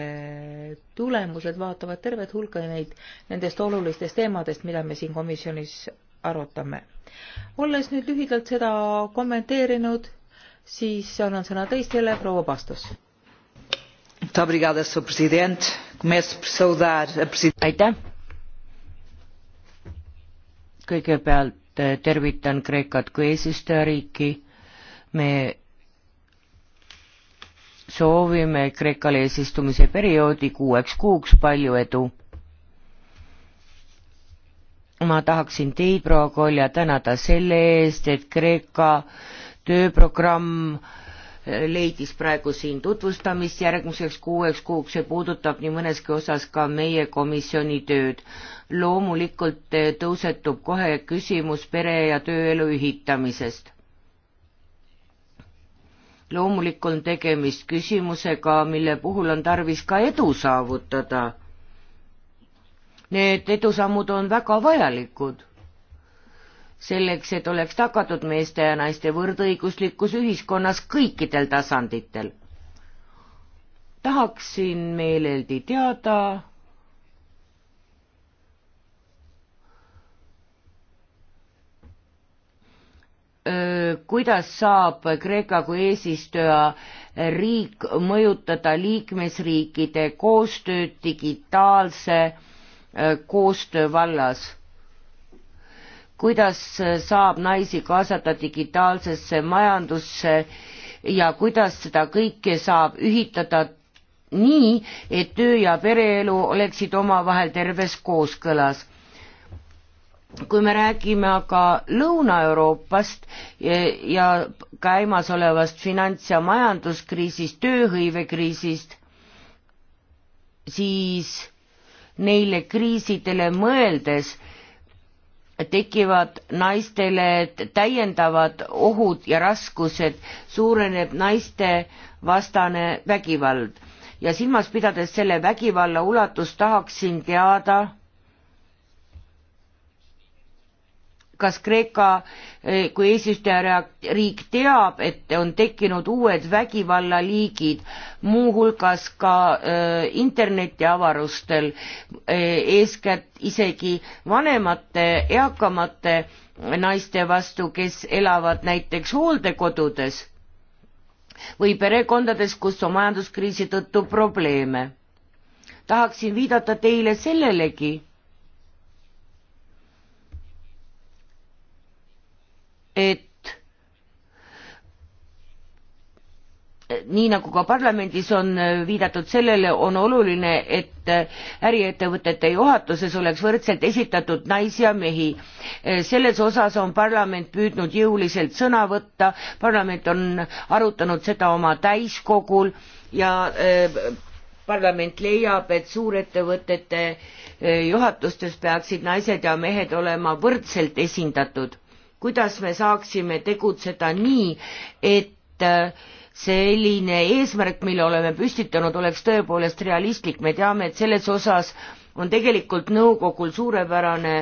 tulemused vaatavad tervet hulka neid, nendest olulistest teemadest, mida me siin komisjonis arutame. olles nüüd lühidalt seda kommenteerinud siis annan sõna teistele, proua Pastus. aitäh. kõigepealt eh, tervitan Kreekat kui eesistujariiki. me soovime Kreekale eesistumise perioodi kuueks kuuks palju edu. ma tahaksin teid, proua Kolja, tänada selle eest, et Kreeka tööprogramm eh, leidis praegu siin tutvustamist järgmiseks kuueks kuuks, see puudutab nii mõneski osas ka meie komisjoni tööd. loomulikult eh, tõusetub kohe küsimus pere- ja tööelu ühitamisest. loomulikult on tegemist küsimusega, mille puhul on tarvis ka edu saavutada. Need edusammud on väga vajalikud selleks, et oleks tagatud meeste ja naiste võrdõiguslikkus ühiskonnas kõikidel tasanditel. tahaksin meeleldi teada, kuidas saab Kreeka kui eesistuja riik mõjutada liikmesriikide koostööd digitaalse koostöö vallas kuidas saab naisi kaasata digitaalsesse majandusse ja kuidas seda kõike saab ühitada nii, et töö ja pereelu oleksid omavahel terves kooskõlas. kui me räägime aga Lõuna-Euroopast ja, ja käimasolevast finants- ja majanduskriisist, tööhõivekriisist, siis neile kriisidele mõeldes äh, tekivad naistele täiendavad ohud ja raskused, suureneb naiste vastane vägivald ja silmas pidades selle vägivalla ulatust tahaksin teada kas Kreeka eh, kui eesistujariik teab, et on tekkinud uued vägivallaliigid, muuhulgas ka eh, internetiavarustel, eh, eeskätt isegi vanemate, eakamate naiste vastu, kes elavad näiteks hooldekodudes või perekondades, kus on majanduskriisi tõttu probleeme. tahaksin viidata teile sellelegi et nii nagu ka parlamendis on viidatud sellele, on oluline, et äriettevõtete juhatuses oleks võrdselt esitatud naisi ja mehi. selles osas on parlament püüdnud jõuliselt sõna võtta, parlament on arutanud seda oma täiskogul ja eh, parlament leiab, et suurettevõtete eh, juhatustes peaksid naised ja mehed olema võrdselt esindatud kuidas me saaksime tegutseda nii, et äh, selline eesmärk, mille oleme püstitanud, oleks tõepoolest realistlik, me teame, et selles osas on tegelikult nõukogul suurepärane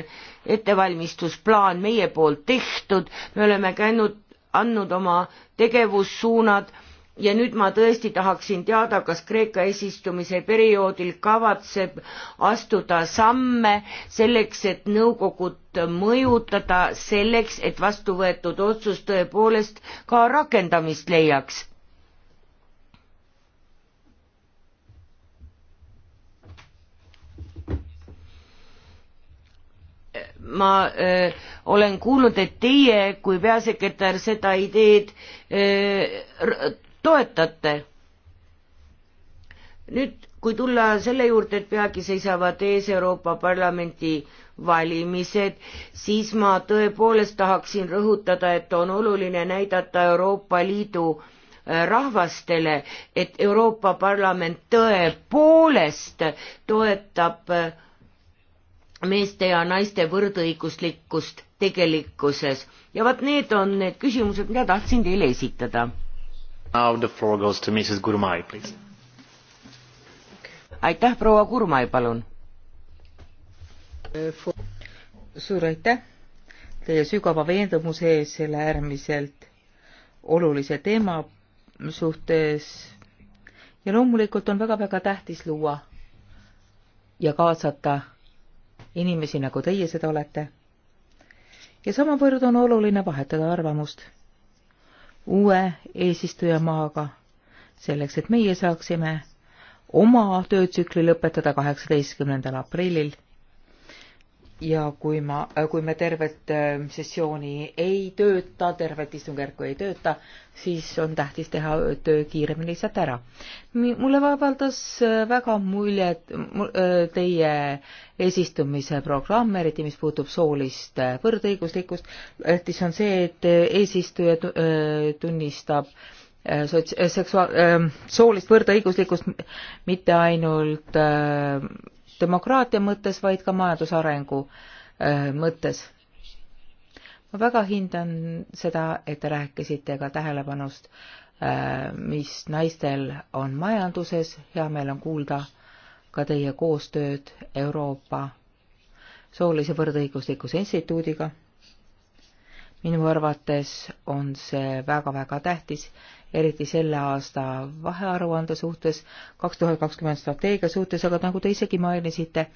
ettevalmistusplaan meie poolt tehtud, me oleme käinud, andnud oma tegevussuunad ja nüüd ma tõesti tahaksin teada, kas Kreeka eesistumise perioodil kavatseb astuda samme selleks, et nõukogud mõjutada, selleks, et vastu võetud otsus tõepoolest ka rakendamist leiaks ma öö, äh, olen kuulnud, et teie kui peasekretär seda ideed öö, äh, toetate. nüüd, kui tulla selle juurde, et peagi seisavad ees Euroopa Parlamenti valimised, siis ma tõepoolest tahaksin rõhutada, et on oluline näidata Euroopa Liidu äh, rahvastele, et Euroopa Parlament tõepoolest toetab äh, meeste ja naiste võrdõiguslikkust tegelikkuses ja vot need on need küsimused, mida tahtsin teile esitada Now the floor goes to Mrs Gurmai, please. aitäh, proua Gurmai, palun. suur aitäh teie sügava veendumuse ees selle äärmiselt olulise teema suhtes. ja loomulikult on väga-väga tähtis luua ja kaasata inimesi, nagu teie seda olete. ja samavõrd on oluline vahetada arvamust uue eesistujamaaga, selleks et meie saaksime oma töötsükli lõpetada kaheksateistkümnendal aprillil ja kui ma, äh, kui me tervet äh, sessiooni ei tööta, tervet istungjärku ei tööta, siis on tähtis teha töö kiiremini lihtsalt ära. mulle vabaldas äh, väga muljet teie eesistumise programm, eriti mis puutub soolist võrdõiguslikkust, tähtis on see, et eesistuja tunnistab sots-, seksuaal-, soolist võrdõiguslikkust mitte ainult demokraatia mõttes, vaid ka majandusarengu äh, mõttes. ma väga hindan seda, et te rääkisite ka tähelepanust, äh, mis naistel on majanduses, hea meel on kuulda ka teie koostööd Euroopa soolise võrdõiguslikkuse instituudiga minu arvates on see väga-väga tähtis, eriti selle aasta vahearuande suhtes, kaks tuhat kakskümmend strateegia suhtes, aga nagu te isegi mainisite,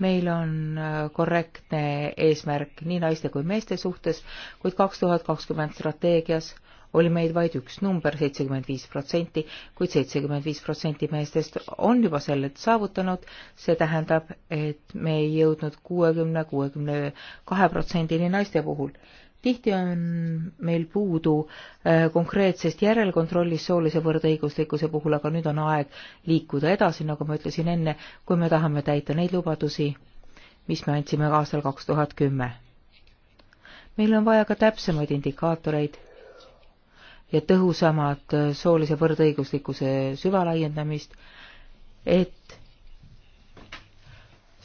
meil on äh, korrektne eesmärk nii naiste kui meeste suhtes, kuid kaks tuhat kakskümmend strateegias oli meil vaid üks number, seitsekümmend viis protsenti, kuid seitsekümmend viis protsenti meestest on juba selle saavutanud, see tähendab, et me ei jõudnud kuuekümne, kuuekümne kahe protsendini naiste puhul tihti on meil puudu äh, konkreetsest järelkontrollist soolise võrdõiguslikkuse puhul, aga nüüd on aeg liikuda edasi, nagu ma ütlesin enne, kui me tahame täita neid lubadusi, mis me andsime aastal kaks tuhat kümme. meil on vaja ka täpsemaid indikaatoreid ja tõhusamat äh, soolise võrdõiguslikkuse süvalaiendamist, et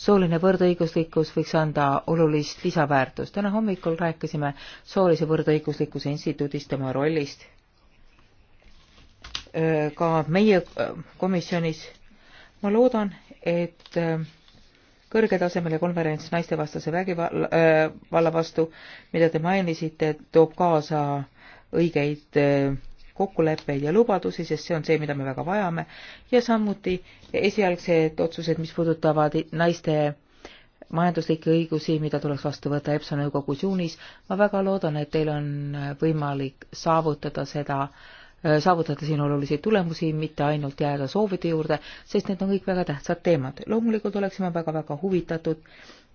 sooline võrdõiguslikkus võiks anda olulist lisaväärtust. täna hommikul rääkisime soolise võrdõiguslikkuse instituudist, tema rollist. ka meie komisjonis ma loodan, et kõrgetasemele konverents naistevastase vägivalla äh, vastu, mida te mainisite, toob kaasa õigeid äh, kokkuleppeid ja lubadusi, sest see on see, mida me väga vajame, ja samuti esialgsed otsused, mis puudutavad naiste majanduslikke õigusi, mida tuleks vastu võtta EPSO nõukogus juunis. ma väga loodan, et teil on võimalik saavutada seda, saavutada siin olulisi tulemusi, mitte ainult jääda soovide juurde, sest need on kõik väga tähtsad teemad. loomulikult oleksime väga-väga huvitatud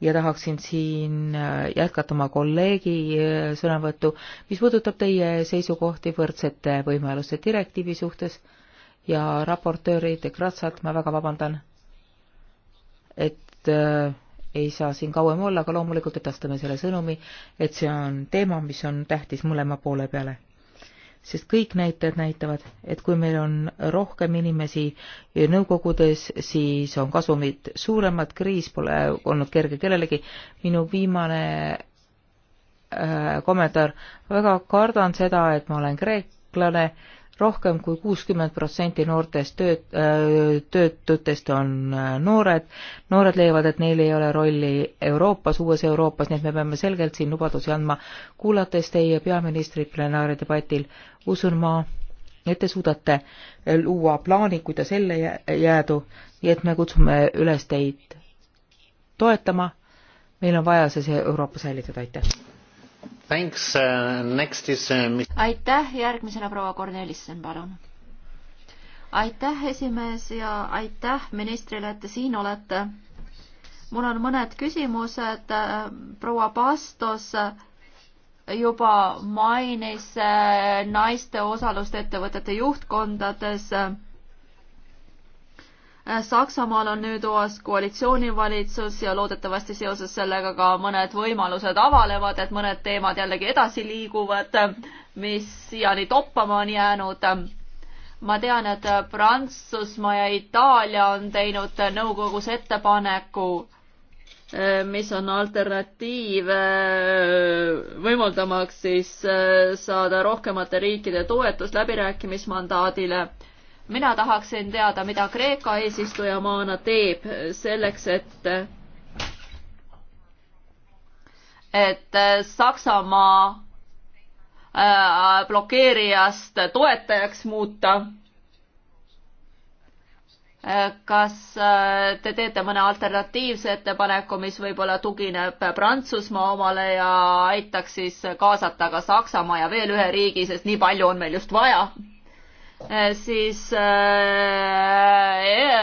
ja tahaksin siin äh, jätkata oma kolleegi äh, sõnavõttu, mis puudutab teie seisukohti võrdsete võimaluste direktiivi suhtes ja raportööri De Gratsat, ma väga vabandan, et äh, ei saa siin kauem olla, aga loomulikult edastame selle sõnumi, et see on teema, mis on tähtis mõlema poole peale sest kõik näitajad näitavad, et kui meil on rohkem inimesi nõukogudes, siis on kasumid suuremad, kriis pole olnud kerge kellelegi. minu viimane äh, kommentaar, väga kardan seda, et ma olen kreeklane äh, rohkem kui kuuskümmend protsenti noortest tööt-, äh, töötutest on äh, noored, noored leiavad, et neil ei ole rolli Euroopas, uues Euroopas, nii et me peame selgelt siin lubadusi andma. kuulates teie peaministrit plenaardebatil, usun ma, et te suudate äh, luua plaani, kuidas ellu jäädu, nii et me kutsume üles teid toetama, meil on vaja see Euroopa säilitada, aitäh! Thanks, uh, next is uh,. aitäh, järgmisena proua Kornelissen, palun. aitäh, esimees ja aitäh ministrile, et te siin olete. mul on mõned küsimused. proua Pastos juba mainis äh, naiste osalust ettevõtete juhtkondades Äh, Saksamaal on nüüd oas koalitsioonivalitsus ja loodetavasti seoses sellega ka mõned võimalused avanevad, et mõned teemad jällegi edasi liiguvad, mis siiani toppama on jäänud. ma tean, et Prantsusmaa ja Itaalia on teinud nõukogus ettepaneku äh, mis on alternatiiv äh, võimaldamaks siis saada rohkemate riikide toetust läbirääkimismandaadile mina tahaksin teada, mida Kreeka eesistujamaana teeb selleks, et et Saksamaa äh, blokeerijast toetajaks muuta. Äh, kas äh, te teete mõne alternatiivse ettepaneku, mis võib-olla tugineb Prantsusmaa omale ja aitaks siis kaasata ka Saksamaa ja veel ühe riigi, sest nii palju on meil just vaja? Eh, siis äh,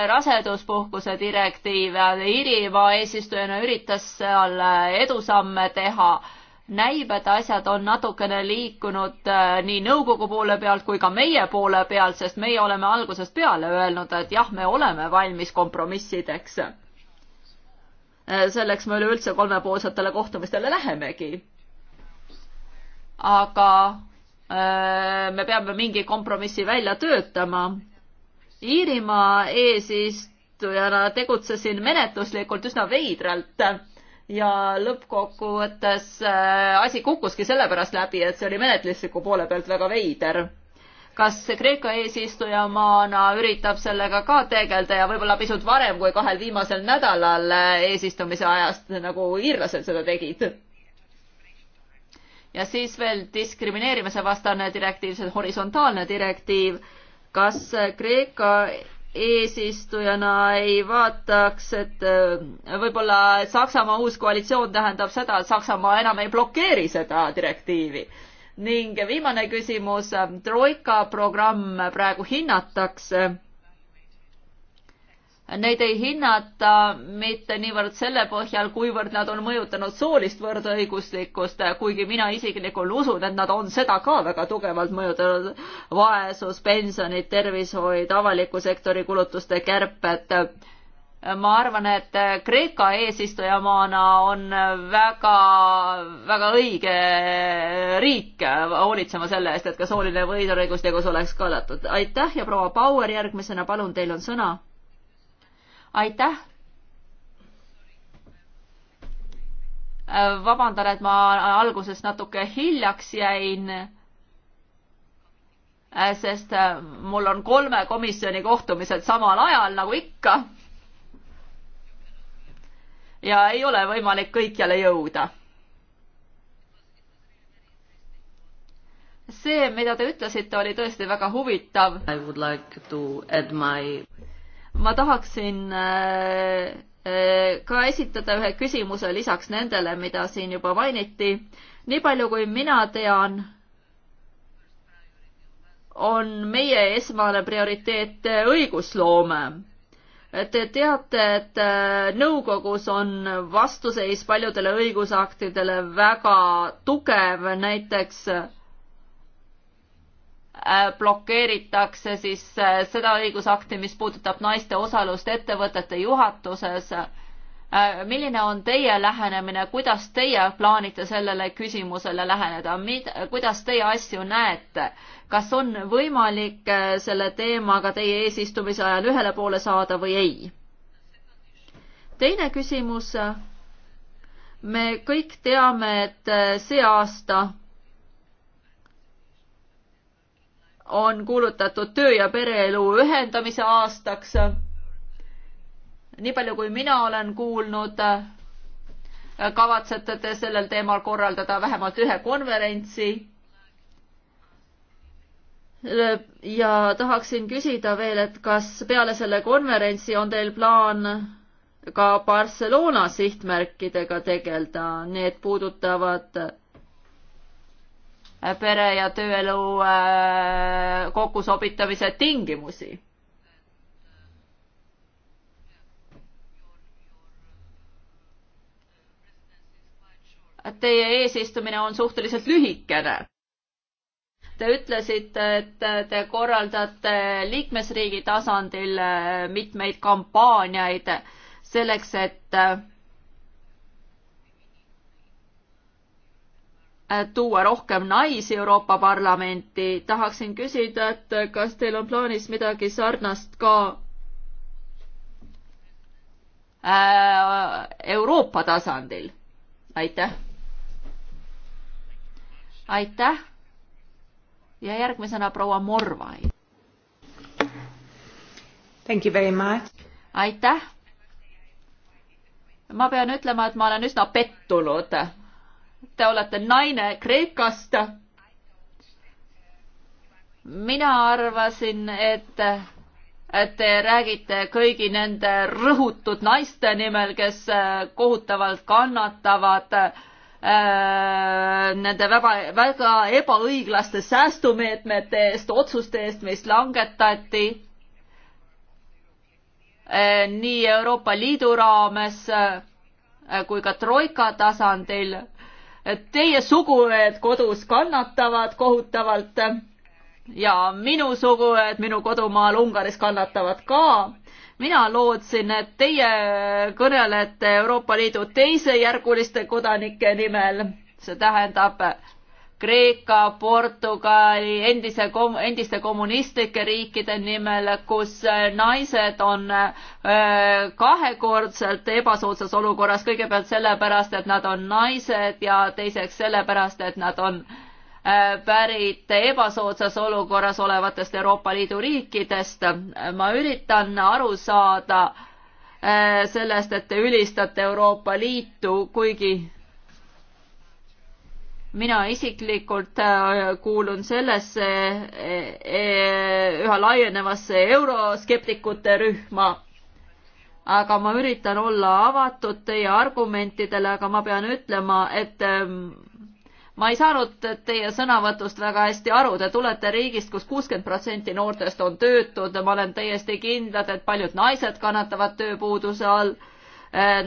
raseduspuhkuse direktiiv, Iirimaa eesistujana üritas seal edusamme teha. näib, et asjad on natukene liikunud äh, nii nõukogu poole pealt kui ka meie poole pealt, sest meie oleme algusest peale öelnud, et jah, me oleme valmis kompromissideks äh,. selleks me üleüldse kolmepoolsetele kohtumistele lähemegi. aga Äh, me peame mingi kompromissi välja töötama. Iirimaa eesistujana tegutsesin menetluslikult üsna veidralt ja lõppkokkuvõttes äh, asi kukkuski sellepärast läbi, et see oli menetlusliku poole pealt väga veider. kas Kreeka eesistujamaana üritab sellega ka tegeleda ja võib-olla pisut varem kui kahel viimasel nädalal eesistumise ajast, nagu iirlased seda tegid? ja siis veel diskrimineerimise vastane direktiiv, see on horisontaalne direktiiv. kas Kreeka eesistujana ei vaataks, et äh, võib-olla Saksamaa uus koalitsioon tähendab seda, et Saksamaa enam ei blokeeri seda direktiivi? ning viimane küsimus, äh, Troika programm praegu hinnatakse Neid ei hinnata mitte niivõrd selle põhjal, kuivõrd nad on mõjutanud soolist võrdõiguslikkust, kuigi mina isiklikult usun, et nad on seda ka väga tugevalt mõjutanud. vaesus, pensionid, tervishoid, avaliku sektori kulutuste kärped ma arvan, et Kreeka eesistujamaana on väga, väga õige riik hoolitsema selle eest, et ka sooline võidurõiguslikkus oleks kallatud. aitäh ja proua Bauer, järgmisena palun, teil on sõna aitäh. vabandan, et ma alguses natuke hiljaks jäin, sest mul on kolme komisjoni kohtumised samal ajal nagu ikka. ja ei ole võimalik kõikjale jõuda see, mida te ütlesite, oli tõesti väga huvitav. Like my ma tahaksin äh, äh, ka esitada ühe küsimuse lisaks nendele, mida siin juba mainiti. nii palju, kui mina tean, on meie esmane prioriteet õigusloome. Te teate, et äh, nõukogus on vastuseis paljudele õigusaktidele väga tugev, näiteks Äh, blokeeritakse siis äh, seda õigusakti, mis puudutab naiste osalust ettevõtete juhatuses. Äh, milline on teie lähenemine, kuidas teie plaanite sellele küsimusele läheneda, kuidas teie asju näete? kas on võimalik selle teemaga teie eesistumise ajal ühele poole saada või ei? teine küsimus. me kõik teame, et see aasta on kuulutatud töö ja pereelu ühendamise aastaks. nii palju, kui mina olen kuulnud, kavatsete te sellel teemal korraldada vähemalt ühe konverentsi. ja tahaksin küsida veel, et kas peale selle konverentsi on teil plaan ka Barcelona sihtmärkidega tegeleda, need puudutavad pere- ja tööelu äh, kokkusobitamise tingimusi. Teie eesistumine on suhteliselt lühikene. Te ütlesite, et te korraldate liikmesriigi tasandil äh, mitmeid kampaaniaid selleks, et äh, Äh, tuua rohkem naisi Euroopa Parlamenti, tahaksin küsida, et kas teil on plaanis midagi sarnast ka äh, Euroopa tasandil? aitäh! aitäh! ja järgmisena proua Morvai. Thank you very much! aitäh! ma pean ütlema, et ma olen üsna pettunud te olete naine Kreekast. mina arvasin, et, et te räägite kõigi nende rõhutud naiste nimel, kes äh, kohutavalt kannatavad äh, nende väga, väga ebaõiglaste säästumeetmete eest, otsuste eest, mis langetati äh, nii Euroopa Liidu raames äh, kui ka troika tasandil teie suguvõed kodus kannatavad kohutavalt ja minu suguvõed minu kodumaal Ungaris kannatavad ka. mina lootsin, et teie kõnelete Euroopa Liidu teisejärguliste kodanike nimel, see tähendab Kreeka, Portugali, endise, endiste kommunistlike riikide nimel, kus äh, naised on äh, kahekordselt ebasoodsas olukorras, kõigepealt sellepärast, et nad on naised ja teiseks sellepärast, et nad on äh, pärit ebasoodsas olukorras olevatest Euroopa Liidu riikidest. ma üritan aru saada sellest, et te ülistate Euroopa Liitu, kuigi mina isiklikult äh, kuulun sellesse äh, äh, üha laienevasse euroskeptikute rühma aga ma üritan olla avatud teie argumentidele, aga ma pean ütlema, et ähm, ma ei saanud teie sõnavõtust väga hästi aru, te tulete riigist kus, kus kuuskümmend protsenti noortest on töötud, ma olen täiesti kindlad, et paljud naised kannatavad tööpuuduse all.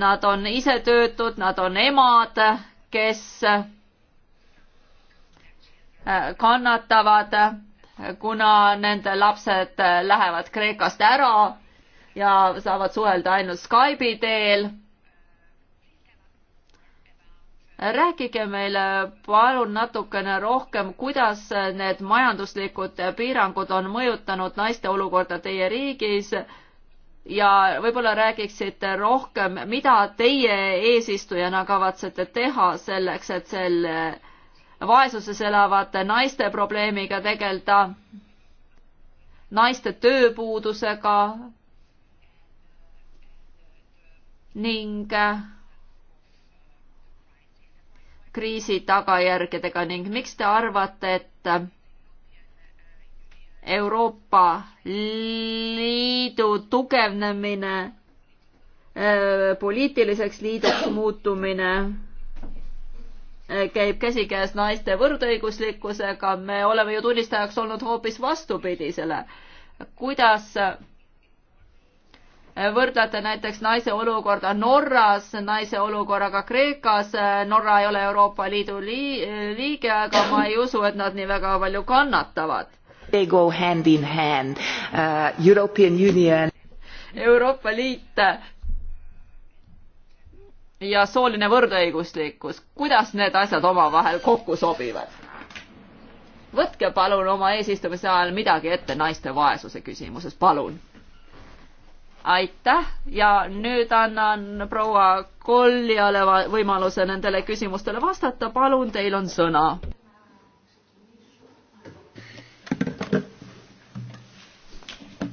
Nad on ise töötud, nad on emad, kes Äh, kannatavad, äh, kuna nende lapsed äh, lähevad Kreekast ära ja saavad suhelda ainult Skype'i teel. rääkige meile palun natukene rohkem, kuidas need majanduslikud piirangud on mõjutanud naiste olukorda teie riigis ja võib-olla räägiksite rohkem, mida teie eesistujana kavatsete teha selleks, et selle vaesuses elavate naiste probleemiga tegeleda, naiste tööpuudusega ning äh, kriisi tagajärgedega ning miks te arvate, et Euroopa Liidu tugevnemine, äh, poliitiliseks liiduks muutumine Äh, käib käsikäes naiste võrdõiguslikkusega, me oleme ju tunnistajaks olnud hoopis vastupidisele. kuidas äh, võrdlete näiteks naise olukorda Norras naise olukorraga Kreekas, äh, Norra ei ole Euroopa Liidu liige, aga ma ei usu, et nad nii väga palju kannatavad. They go hand in hand uh,, European Union. Euroopa Liit ja sooline võrdõiguslikkus, kuidas need asjad omavahel kokku sobivad? võtke palun oma eesistumise ajal midagi ette naiste vaesuse küsimuses, palun. aitäh ja nüüd annan proua Kolljale võimaluse nendele küsimustele vastata, palun, teil on sõna.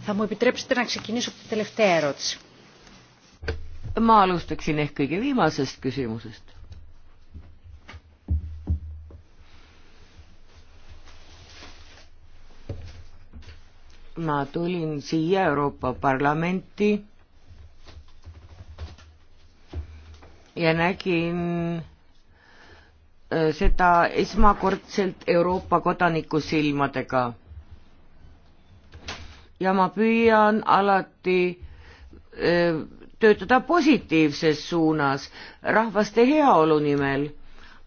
Θα μου επιτρέψετε να ξεκινήσω από τη τελευταία ερώτηση ma alustaksin ehk kõige viimasest küsimusest. ma tulin siia Euroopa Parlamenti ja nägin äh, seda esmakordselt Euroopa kodaniku silmadega. ja ma püüan alati äh, töötada positiivses suunas rahvaste heaolu nimel,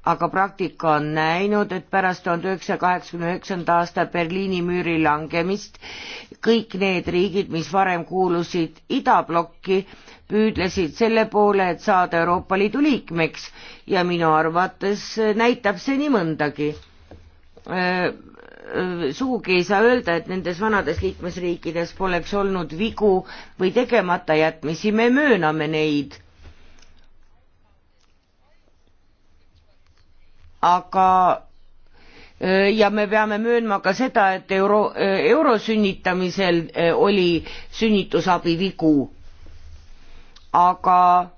aga praktika on näinud, et pärast tuhande üheksasaja kaheksakümne üheksanda aasta Berliini müüri langemist kõik need riigid, mis varem kuulusid idablokki, püüdlesid selle poole, et saada Euroopa Liidu liikmeks ja minu arvates näitab see nii mõndagi äh, Äh, sugugi ei saa öelda, et nendes vanades liikmesriikides poleks olnud vigu või tegematajätmisi, me mööname neid. aga äh, ja me peame möönma ka seda, et euro, äh, euro sünnitamisel oli sünnitusabi vigu. aga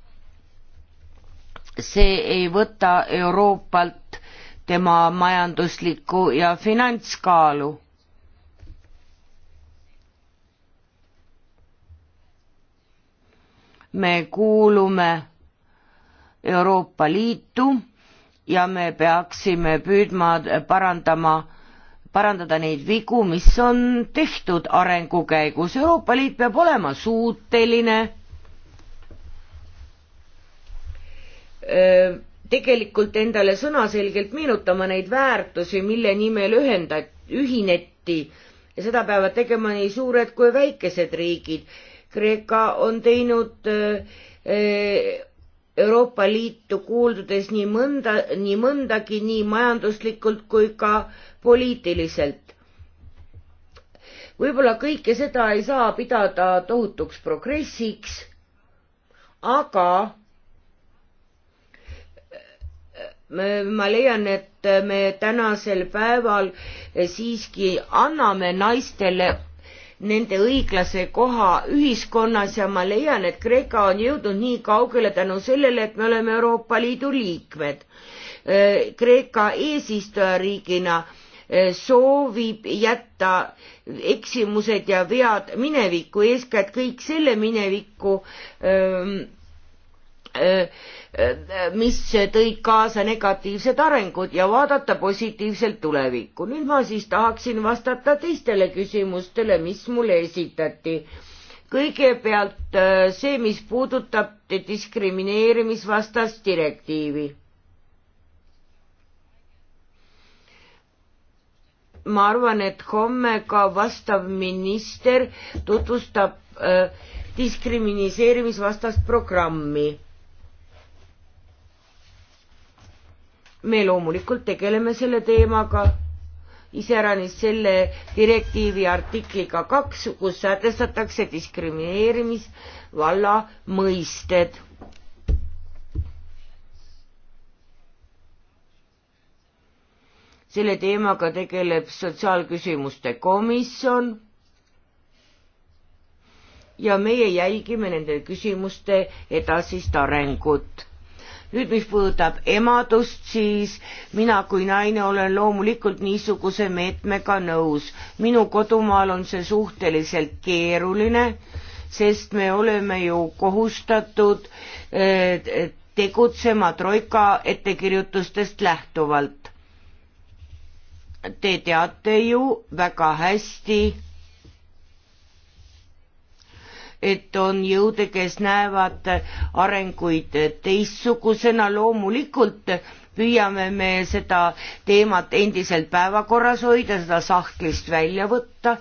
see ei võta Euroopalt tema majanduslikku ja finantskaalu. me kuulume Euroopa Liitu ja me peaksime püüdma parandama parandada neid vigu, mis on tehtud arengu käigus, Euroopa Liit peab olema suuteline öö, äh, tegelikult endale sõnaselgelt meenutama neid väärtusi, mille nimel ühendat-, ühineti ja seda peavad tegema nii suured kui väikesed riigid. Kreeka on teinud äh, äh, Euroopa Liitu kuuldudes nii mõnda, nii mõndagi nii majanduslikult kui ka poliitiliselt. võib-olla kõike seda ei saa pidada tohutuks progressiks, aga ma leian, et me tänasel päeval siiski anname naistele nende õiglase koha ühiskonnas ja ma leian, et Kreeka on jõudnud nii kaugele tänu sellele, et me oleme Euroopa Liidu liikmed. Äh, Kreeka eesistujariigina äh, soovib jätta eksimused ja vead minevikku, eeskätt kõik selle minevikku öö, ähm, Äh, äh, mis tõid kaasa negatiivsed arengud ja vaadata positiivselt tulevikku. nüüd ma siis tahaksin vastata teistele küsimustele, mis mulle esitati. kõigepealt äh, see, mis puudutab diskrimineerimisvastast direktiivi. ma arvan, et homme ka vastav minister tutvustab diskrimineerimisvastast programmi me loomulikult tegeleme selle teemaga iseäranis selle direktiivi artikliga kaks, kus sätestatakse diskrimineerimisvalla mõisted. selle teemaga tegeleb sotsiaalküsimuste komisjon ja meie jälgime nende küsimuste edasist arengut nüüd, mis puudutab emadust, siis mina kui naine olen loomulikult niisuguse meetmega nõus. minu kodumaal on see suhteliselt keeruline, sest me oleme ju kohustatud eh, tegutsema troika ettekirjutustest lähtuvalt. Te teate ju väga hästi, et on jõude, kes näevad arenguid teistsugusena, loomulikult püüame me seda teemat endiselt päevakorras hoida, seda sahtlist välja võtta,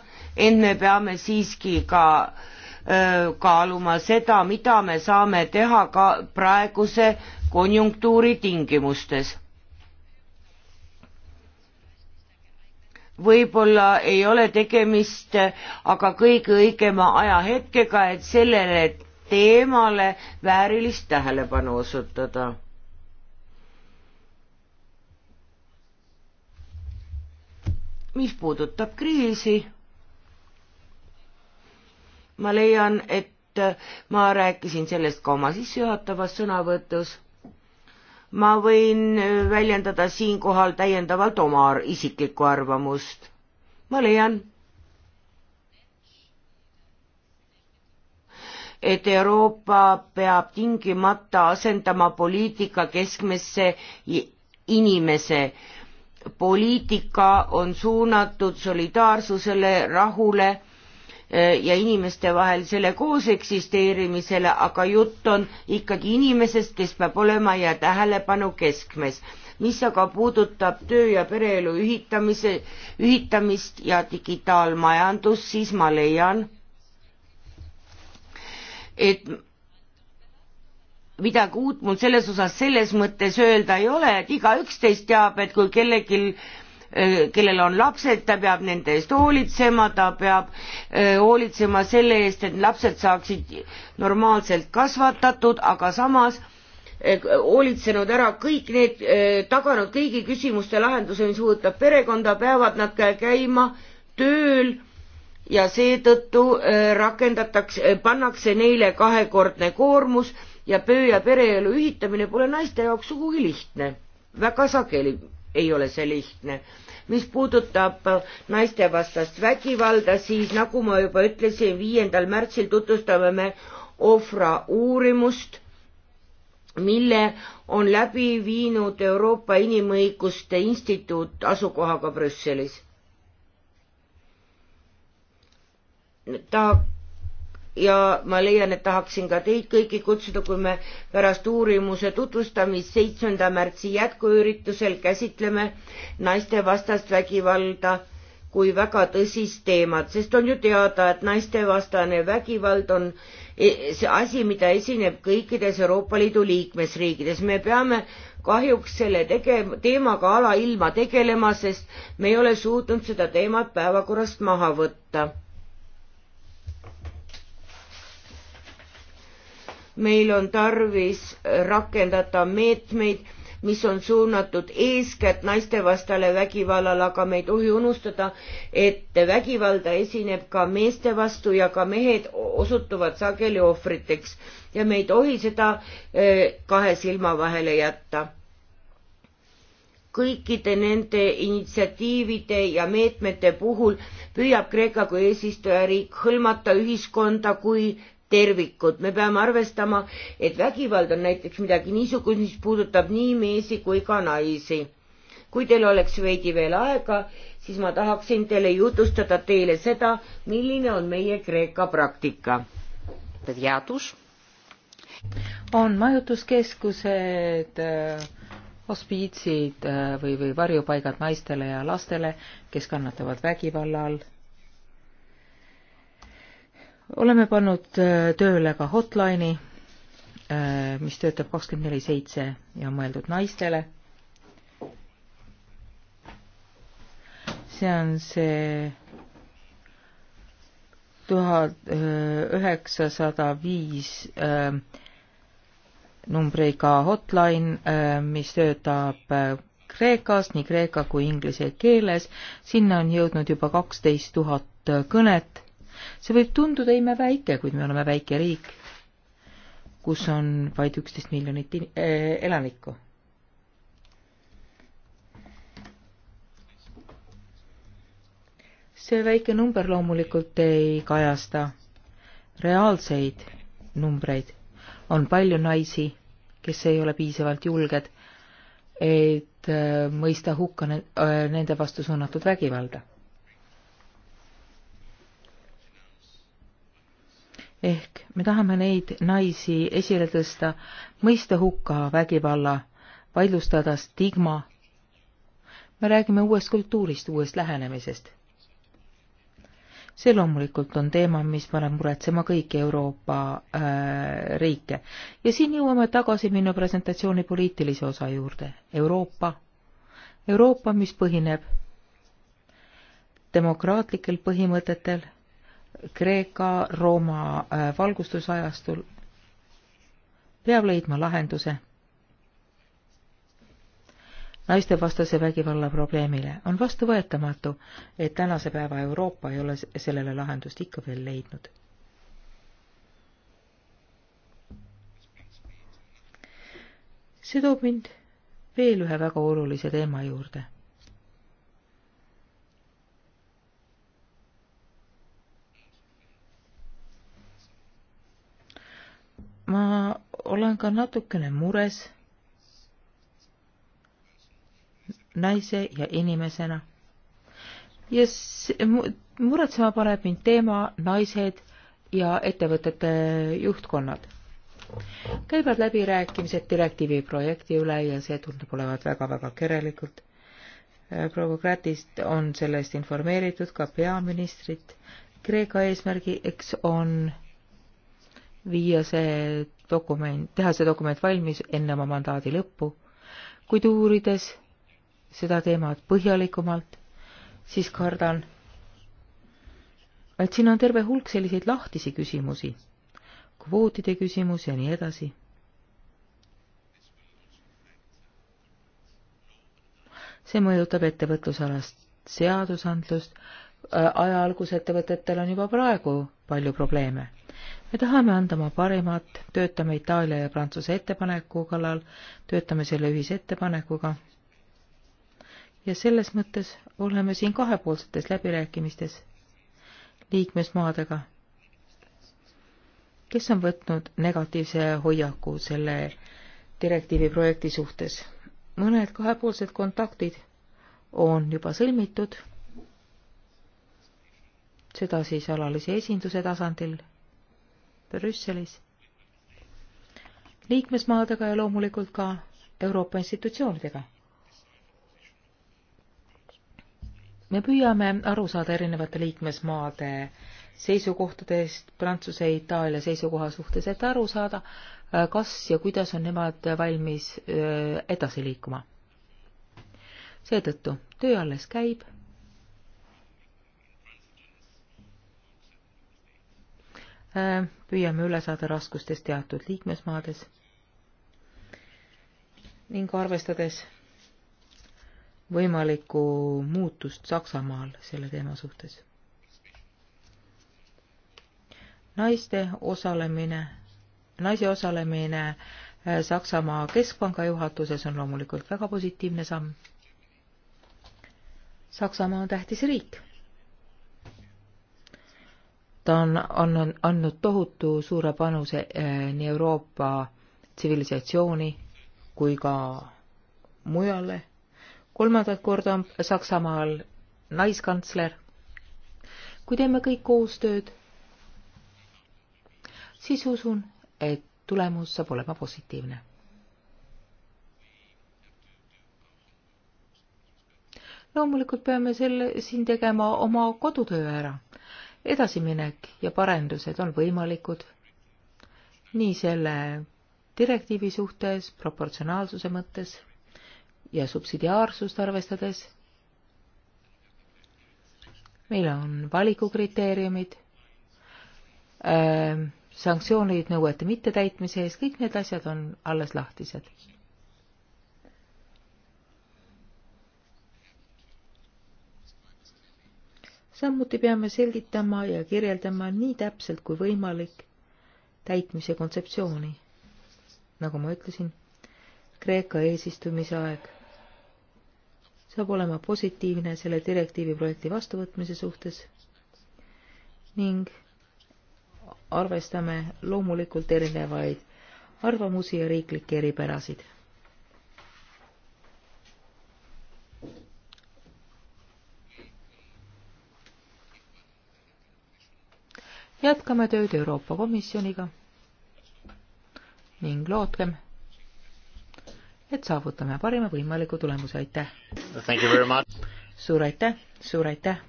ent me peame siiski ka öö, kaaluma seda, mida me saame teha ka praeguse konjunktuuri tingimustes võib-olla ei ole tegemist aga kõige õigema ajahetkega, et sellele teemale väärilist tähelepanu osutada. mis puudutab kriisi, ma leian, et ma rääkisin sellest ka oma sissejuhatavas sõnavõtus ma võin äh, väljendada siinkohal täiendavalt oma isiklikku arvamust. ma leian, et Euroopa peab tingimata asendama poliitika keskmesse inimese. poliitika on suunatud solidaarsusele, rahule Eh, ja inimeste vahel selle koos eksisteerimisele, aga jutt on ikkagi inimesest, kes peab olema ja tähelepanu keskmes. mis aga puudutab töö ja pereelu ühitamise, ühitamist ja digitaalmajandust, siis ma leian, et midagi uut mul selles osas selles mõttes öelda ei ole, et igaüks teist teab, et kui kellelgi Äh, kellel on lapsed, ta peab nende eest hoolitsema, ta peab äh, hoolitsema selle eest, et lapsed saaksid normaalselt kasvatatud, aga samas äh, hoolitsenud ära kõik need, taganud kõigi küsimuste lahenduse, mis puudutab perekonda, peavad nad käima tööl ja seetõttu rakendatakse, pannakse neile kahekordne koormus ja töö ja pereelu ühitamine pole naiste jaoks sugugi lihtne, väga sageli ei ole see lihtne. mis puudutab äh, naistevastast vägivalda, siis nagu ma juba ütlesin, viiendal märtsil tutvustame me ohvra uurimust, mille on läbi viinud Euroopa Inimõiguste Instituut asukohaga Brüsselis. ta ja ma leian, et tahaksin ka teid kõiki kutsuda, kui me pärast uurimuse tutvustamist seitsmenda märtsi jätkuüritusel käsitleme naistevastast vägivalda kui väga tõsist teemat, sest on ju teada, et naistevastane vägivald on e-, see asi, mida esineb kõikides Euroopa Liidu liikmesriikides. me peame kahjuks selle tege-, teemaga alailma tegelema, sest me ei ole suutnud seda teemat päevakorrast maha võtta meil on tarvis äh, rakendada meetmeid, mis on suunatud eeskätt naistevastale vägivallale, aga me ei tohi unustada, et vägivalda esineb ka meeste vastu ja ka mehed osutuvad sageli ohvriteks ja me ei tohi seda äh, kahe silma vahele jätta kõikide nende initsiatiivide ja meetmete puhul püüab Kreeka kui eesistujariik hõlmata ühiskonda kui tervikut, me peame arvestama, et vägivald on näiteks midagi niisugust, mis puudutab nii meesi kui ka naisi. kui teil oleks veidi veel aega, siis ma tahaksin teile jutustada teile seda, milline on meie Kreeka praktika. on majutuskeskused, äh, hospiitsid äh, või, või varjupaigad naistele ja lastele, kes kannatavad vägivalla all oleme pannud äh, tööle ka hotline'i, äh, mis töötab kakskümmend neli seitse ja on mõeldud naistele. see on see tuhat äh, üheksasada viis numbriga hotline, mis töötab Kreekas, nii kreeka kui inglise keeles. sinna on jõudnud juba kaksteist tuhat kõnet see võib tunduda imeväike, kuid me oleme väike riik, kus on vaid üksteist miljonit eh, elanikku. see väike number loomulikult ei kajasta reaalseid numbreid. on palju naisi, kes ei ole piisavalt julged, et eh, mõista hukka nende vastu suunatud vägivalda ehk me tahame neid naisi esile tõsta, mõista hukka vägivalla, vaidlustada stigma. me räägime uuest kultuurist, uuest lähenemisest. see loomulikult on teema, mis paneb muretsema kõiki Euroopa äh, riike. ja siin jõuame tagasi minu presentatsiooni poliitilise osa juurde, Euroopa. Euroopa, mis põhineb demokraatlikel põhimõtetel Kreeka Rooma äh, valgustusajastul peab leidma lahenduse naistevastase vägivalla probleemile. on vastuvõetamatu, et tänase päeva Euroopa ei ole sellele lahendust ikka veel leidnud. see toob mind veel ühe väga olulise teema juurde ma olen ka natukene mures naise ja inimesena. ja muretsema paneb mind teema naised ja ettevõtete juhtkonnad. käivad läbirääkimised direktiivi projekti üle ja see tundub olevat väga-väga kerelikult. Äh, proua Kratist on sellest informeeritud ka peaministrit. Kreeka eesmärgiks on viia see dokument, teha see dokument valmis enne oma mandaadi lõppu, kuid uurides seda teemat põhjalikumalt, siis kardan, et siin on terve hulk selliseid lahtisi küsimusi, kvootide küsimus ja nii edasi. see mõjutab ettevõtlusalast seadusandlust, äh, ajal, kus ettevõtetel on juba praegu palju probleeme me tahame anda oma parimat, töötame Itaalia ja Prantsuse ettepaneku kallal, töötame selle ühisettepanekuga. ja selles mõttes oleme siin kahepoolsetes läbirääkimistes liikmesmaadega, kes on võtnud negatiivse hoiaku selle direktiivi projekti suhtes. mõned kahepoolsed kontaktid on juba sõlmitud, seda siis alalise esinduse tasandil Brüsselis liikmesmaadega ja loomulikult ka Euroopa institutsioonidega. me püüame aru saada erinevate liikmesmaade seisukohtadest, Prantsuse ja Itaalia seisukoha suhtes, et aru saada, äh, kas ja kuidas on nemad valmis äh, edasi liikuma. seetõttu töö alles käib Äh, püüame üle saada raskustest teatud liikmesmaades ning arvestades võimalikku muutust Saksamaal selle teema suhtes. naiste osalemine, naise osalemine äh, Saksamaa Keskpanga juhatuses on loomulikult väga positiivne samm. Saksamaa on tähtis riik ta on, on, on andnud tohutu suure panuse eh, nii Euroopa tsivilisatsiooni kui ka mujale. kolmandat korda on Saksamaal naiskantsler. kui teeme kõik koostööd, siis usun, et tulemus saab olema positiivne. loomulikult peame selle, siin tegema oma kodutöö ära edasiminek ja parendused on võimalikud nii selle direktiivi suhtes, proportsionaalsuse mõttes ja subsidiaarsust arvestades. meil on valikukriteeriumid, äh, sanktsioonid nõuete mittetäitmise eest, kõik need asjad on alles lahtised samuti peame selgitama ja kirjeldama nii täpselt kui võimalik täitmise kontseptsiooni. nagu ma ütlesin, Kreeka eesistumise aeg saab olema positiivne selle direktiivi projekti vastuvõtmise suhtes ning arvestame loomulikult erinevaid arvamusi ja riiklikke eripärasid jätkame tööd Euroopa Komisjoniga ning lootkem, et saavutame parima võimaliku tulemuse, aitäh! suur aitäh, suur aitäh!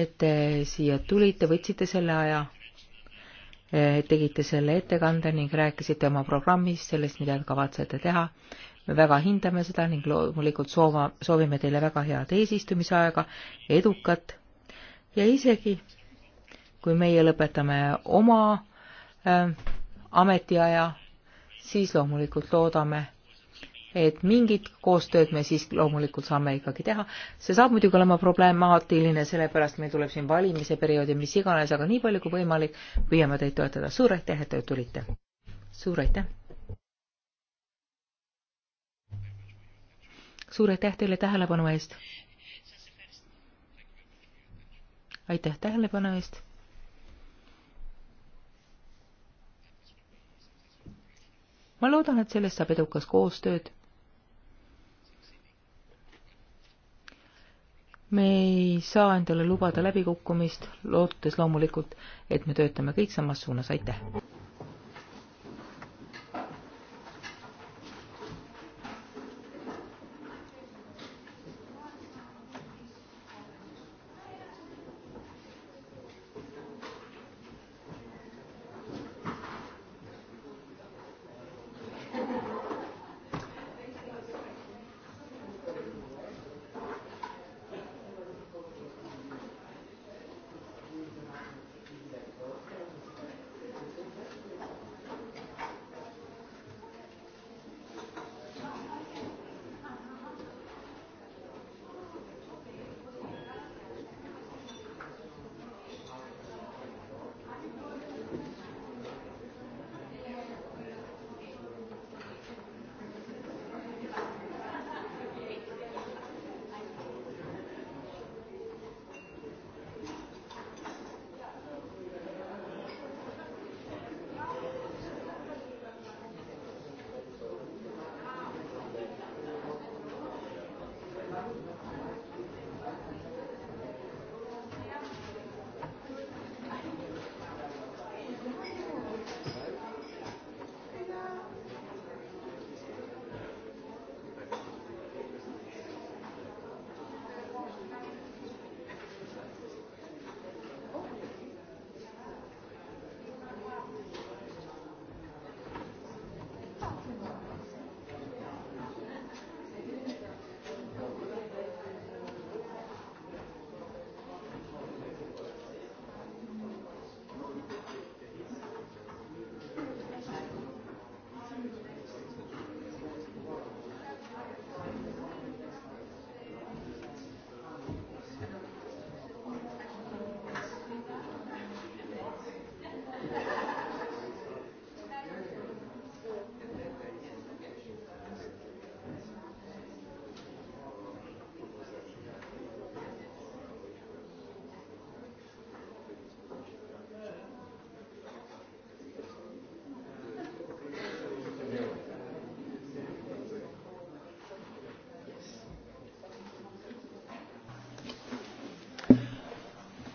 et te siia tulite, võtsite selle aja, tegite selle ettekande ning rääkisite oma programmist, sellest, mida kavatsete teha. me väga hindame seda ning loomulikult soova, soovime teile väga head eesistumisaega, edukat ja isegi kui meie lõpetame oma äh, ametiaja, siis loomulikult loodame, et mingit koostööd me siis loomulikult saame ikkagi teha. see saab muidugi olema problemaatiline, sellepärast meil tuleb siin valimise perioodi, mis iganes, aga nii palju kui võimalik, püüame teid toetada. suur aitäh, et te tulite. suur aitäh. suur aitäh teile tähelepanu eest aitäh tähelepanu eest. ma loodan, et sellest saab edukas koostööd. me ei saa endale lubada läbikukkumist, lootes loomulikult, et me töötame kõik samas suunas, aitäh!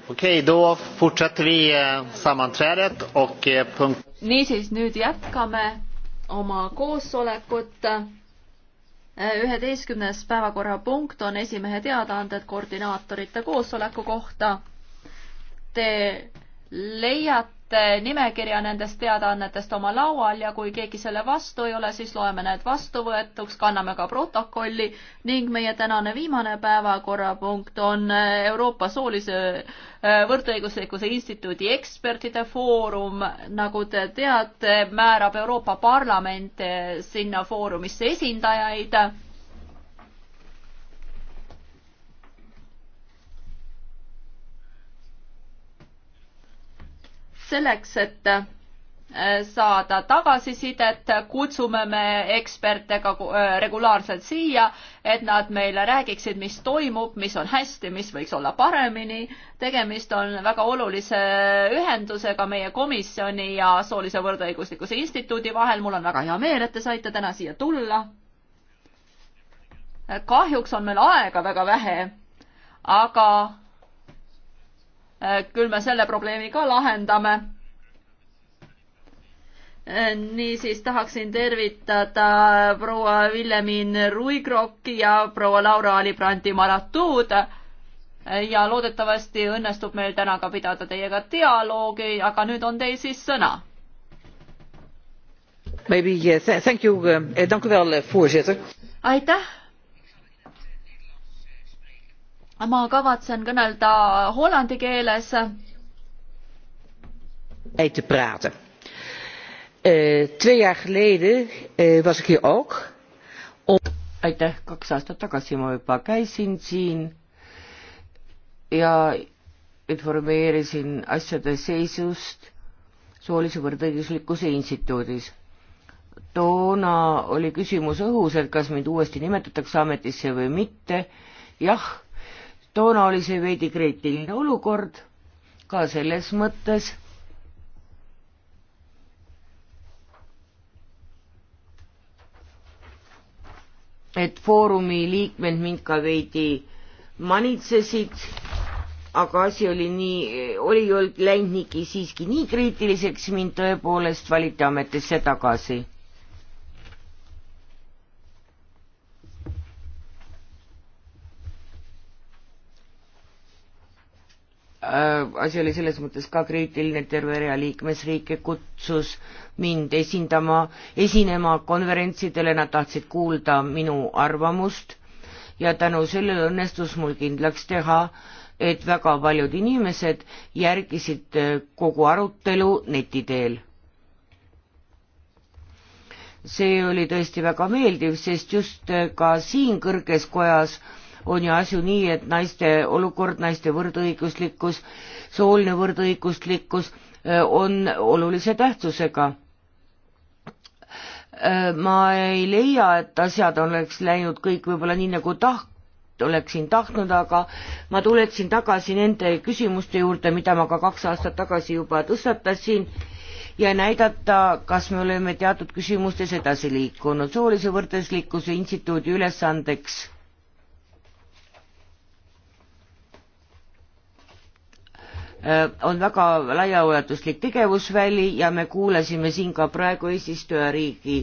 okei okay,, too fortsätter vi eh, sammanträdet och eh, punkt. niisiis, nüüd jätkame oma koosolekut. Eh, üheteistkümnes päevakorrapunkt on esimehe teadaanded koordinaatorite koosoleku kohta. Te leiate saate eh, nimekirja nendest teadaannetest oma laual ja kui keegi selle vastu ei ole, siis loeme need vastuvõetuks, kanname ka protokolli ning meie tänane viimane päevakorrapunkt on eh, Euroopa Soolise eh, Võrdõiguslikkuse Instituudi ekspertide foorum. nagu te teate, määrab Euroopa Parlament sinna foorumisse esindajaid selleks, et äh, saada tagasisidet, kutsume me eksperte ka äh, regulaarselt siia, et nad meile räägiksid, mis toimub, mis on hästi, mis võiks olla paremini. tegemist on väga olulise ühendusega meie komisjoni ja soolise võrdõiguslikkuse instituudi vahel. mul on väga hea meel, et te saite täna siia tulla. kahjuks on meil aega väga vähe, aga Äh, küll me selle probleemi ka lahendame. Äh, niisiis tahaksin tervitada proua Villemin Ruigrokki ja proua Laura Alibrandi Maratuud äh, ja loodetavasti õnnestub meil täna ka pidada teiega dialoogi, aga nüüd on teil siis sõna. Maybe yes, thank you, dank u wel eh, voorzitter. aitäh ma kavatsen kõnelda hollandi keeles. te praten. Twee jaar geleden was ik hier ook. aitäh, kaks aastat tagasi ma juba käisin siin ja informeerisin asjade seisust soolise võrdõiguslikkuse instituudis. toona oli küsimus õhus, et kas mind uuesti nimetatakse ametisse või mitte. jah toona oli see veidi kriitiline olukord ka selles mõttes, et Foorumi liikmed mind ka veidi manitsesid, aga asi oli nii, oli läinud nii, siiski nii kriitiliseks, mind tõepoolest valiti ametisse tagasi Äh, asi oli selles mõttes ka kriitiline, et terve rea liikmesriike kutsus mind esindama, esinema konverentsidele, nad tahtsid kuulda minu arvamust ja tänu sellele õnnestus mul kindlaks teha, et väga paljud inimesed järgisid äh, kogu arutelu neti teel. see oli tõesti väga meeldiv, sest just äh, ka siin kõrges kojas äh, on ju asju nii, et naiste olukord, naiste võrdõiguslikkus, sooline võrdõiguslikkus äh, on olulise tähtsusega. Äh, ma ei leia, et asjad oleks läinud kõik võib-olla nii nagu taht-, oleksin tahtnud, aga ma tuleksin tagasi nende küsimuste juurde, mida ma ka kaks aastat tagasi juba tõstatasin ja näidata, kas me oleme teatud küsimustes edasi liikunud. soolise võrdõiguslikkuse instituudi ülesandeks Äh, on väga laiaulatuslik tegevusväli ja me kuulasime siin ka praegu eesistujariigi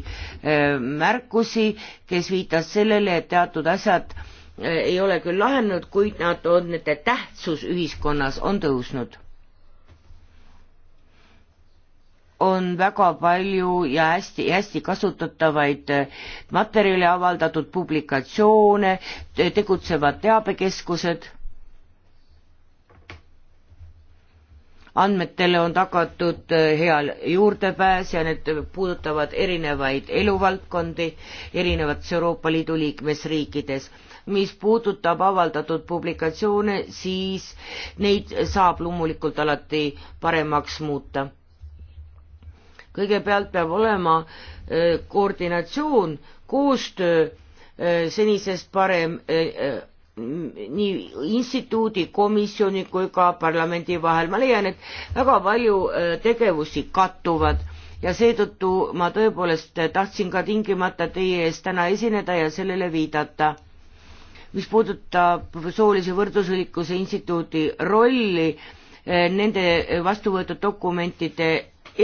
äh, märkusi, kes viitas sellele, et teatud asjad äh, ei ole küll lahenenud, kuid nad on, nende tähtsus ühiskonnas on tõusnud. on väga palju ja hästi, hästi kasutatavaid materjali avaldatud publikatsioone, tegutsevad teabekeskused andmetele on tagatud äh, hea juurdepääs ja need puudutavad erinevaid eluvaldkondi erinevates Euroopa Liidu liikmesriikides. mis puudutab avaldatud publikatsioone, siis neid saab loomulikult alati paremaks muuta. kõigepealt peab olema äh, koordinatsioon, koostöö äh, senisest parem nii instituudi, komisjoni kui ka parlamendi vahel, ma leian, et väga palju äh, tegevusi kattuvad ja seetõttu ma tõepoolest tahtsin ka tingimata teie ees täna esineda ja sellele viidata. mis puudutab soolise võrdusõiguse instituudi rolli äh, nende vastuvõetud dokumentide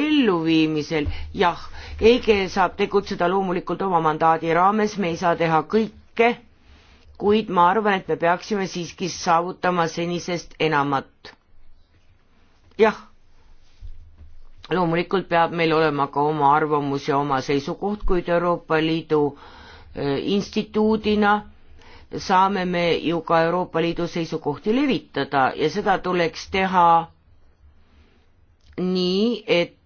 elluviimisel, jah, EIGE saab tegutseda loomulikult oma mandaadi raames, me ei saa teha kõike kuid ma arvan, et me peaksime siiski saavutama senisest enamat. jah, loomulikult peab meil olema ka oma arvamus ja oma seisukoht, kuid Euroopa Liidu e, instituudina saame me ju ka Euroopa Liidu seisukohti levitada ja seda tuleks teha nii, et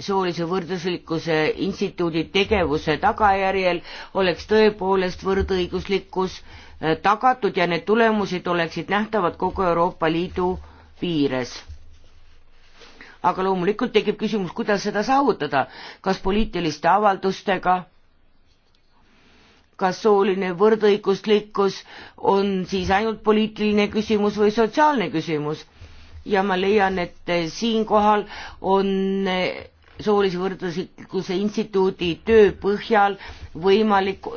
soolise võrdõiguslikkuse instituudi tegevuse tagajärjel oleks tõepoolest võrdõiguslikkus äh, tagatud ja need tulemused oleksid nähtavad kogu Euroopa Liidu piires. aga loomulikult tekib küsimus, kuidas seda saavutada, kas poliitiliste avaldustega, kas sooline võrdõiguslikkus on siis ainult poliitiline küsimus või sotsiaalne küsimus ja ma leian, et äh, siinkohal on äh, soolise võrdõiguslikkuse instituudi töö põhjal võimalik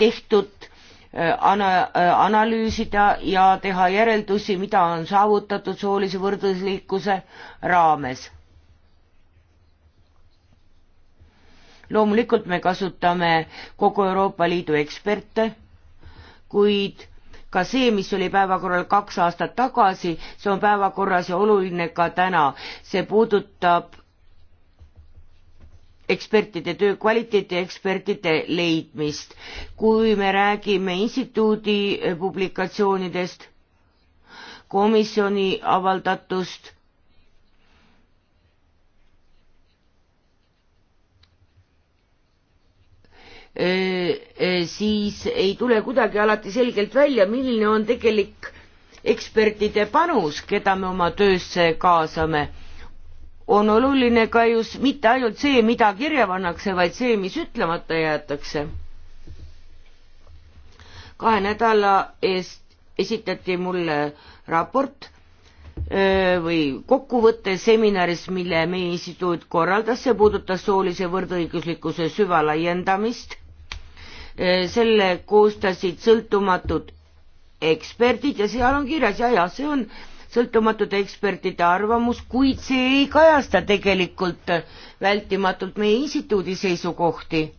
tehtud ana-, analüüsida ja teha järeldusi, mida on saavutatud soolise võrdõiguslikkuse raames. loomulikult me kasutame kogu Euroopa Liidu eksperte, kuid ka see, mis oli päevakorral kaks aastat tagasi, see on päevakorras ja oluline ka täna. see puudutab ekspertide töö kvaliteeti, ekspertide leidmist. kui me räägime instituudi publikatsioonidest, komisjoni avaldatust siis ei tule kuidagi alati selgelt välja, milline on tegelik ekspertide panus, keda me oma töösse kaasame. on oluline ka just mitte ainult see, mida kirja pannakse, vaid see, mis ütlemata jäetakse. kahe nädala eest esitati mulle raport või kokkuvõte seminarist, mille meie instituut korraldas, see puudutas soolise võrdõiguslikkuse süvalaiendamist Eh, selle koostasid sõltumatud eksperdid ja seal on kirjas ja, ja see on sõltumatute ekspertide arvamus, kuid see ei kajasta tegelikult vältimatult meie instituudi seisukohti.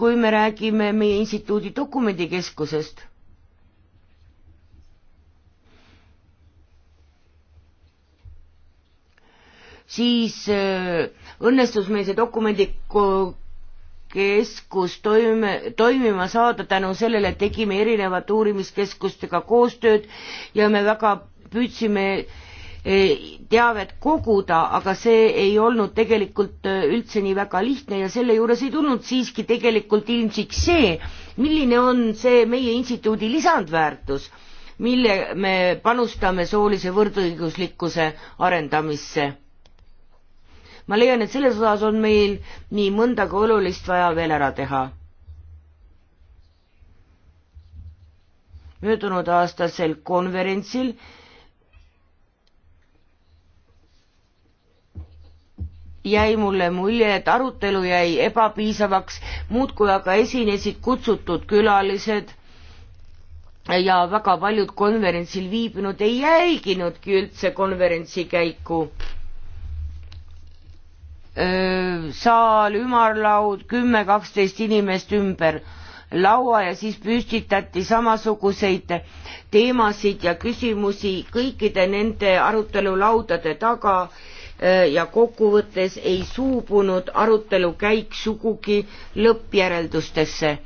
kui me räägime meie instituudi dokumendikeskusest siis eh, õnnestus meil see dokumendi uurimiskeskus toime, toimima saada tänu sellele, et tegime erinevate uurimiskeskustega koostööd ja me väga püüdsime e, teavet koguda, aga see ei olnud tegelikult e, üldse nii väga lihtne ja selle juures ei tulnud siiski tegelikult ilmsiks see, milline on see meie instituudi lisandväärtus, mille me panustame soolise võrdõiguslikkuse arendamisse ma leian, et selles osas on meil nii mõndagi olulist vaja veel ära teha. möödunud aastasel konverentsil jäi mulle mulje, et arutelu jäi ebapiisavaks, muudkui aga esinesid kutsutud külalised ja väga paljud konverentsil viibinud ei jälginudki üldse konverentsi käiku saal, ümarlaud, kümme, kaksteist inimest ümber laua ja siis püstitati samasuguseid teemasid ja küsimusi kõikide nende arutelulaudade taga ja kokkuvõttes ei suubunud arutelu käik sugugi lõppjäreldustesse.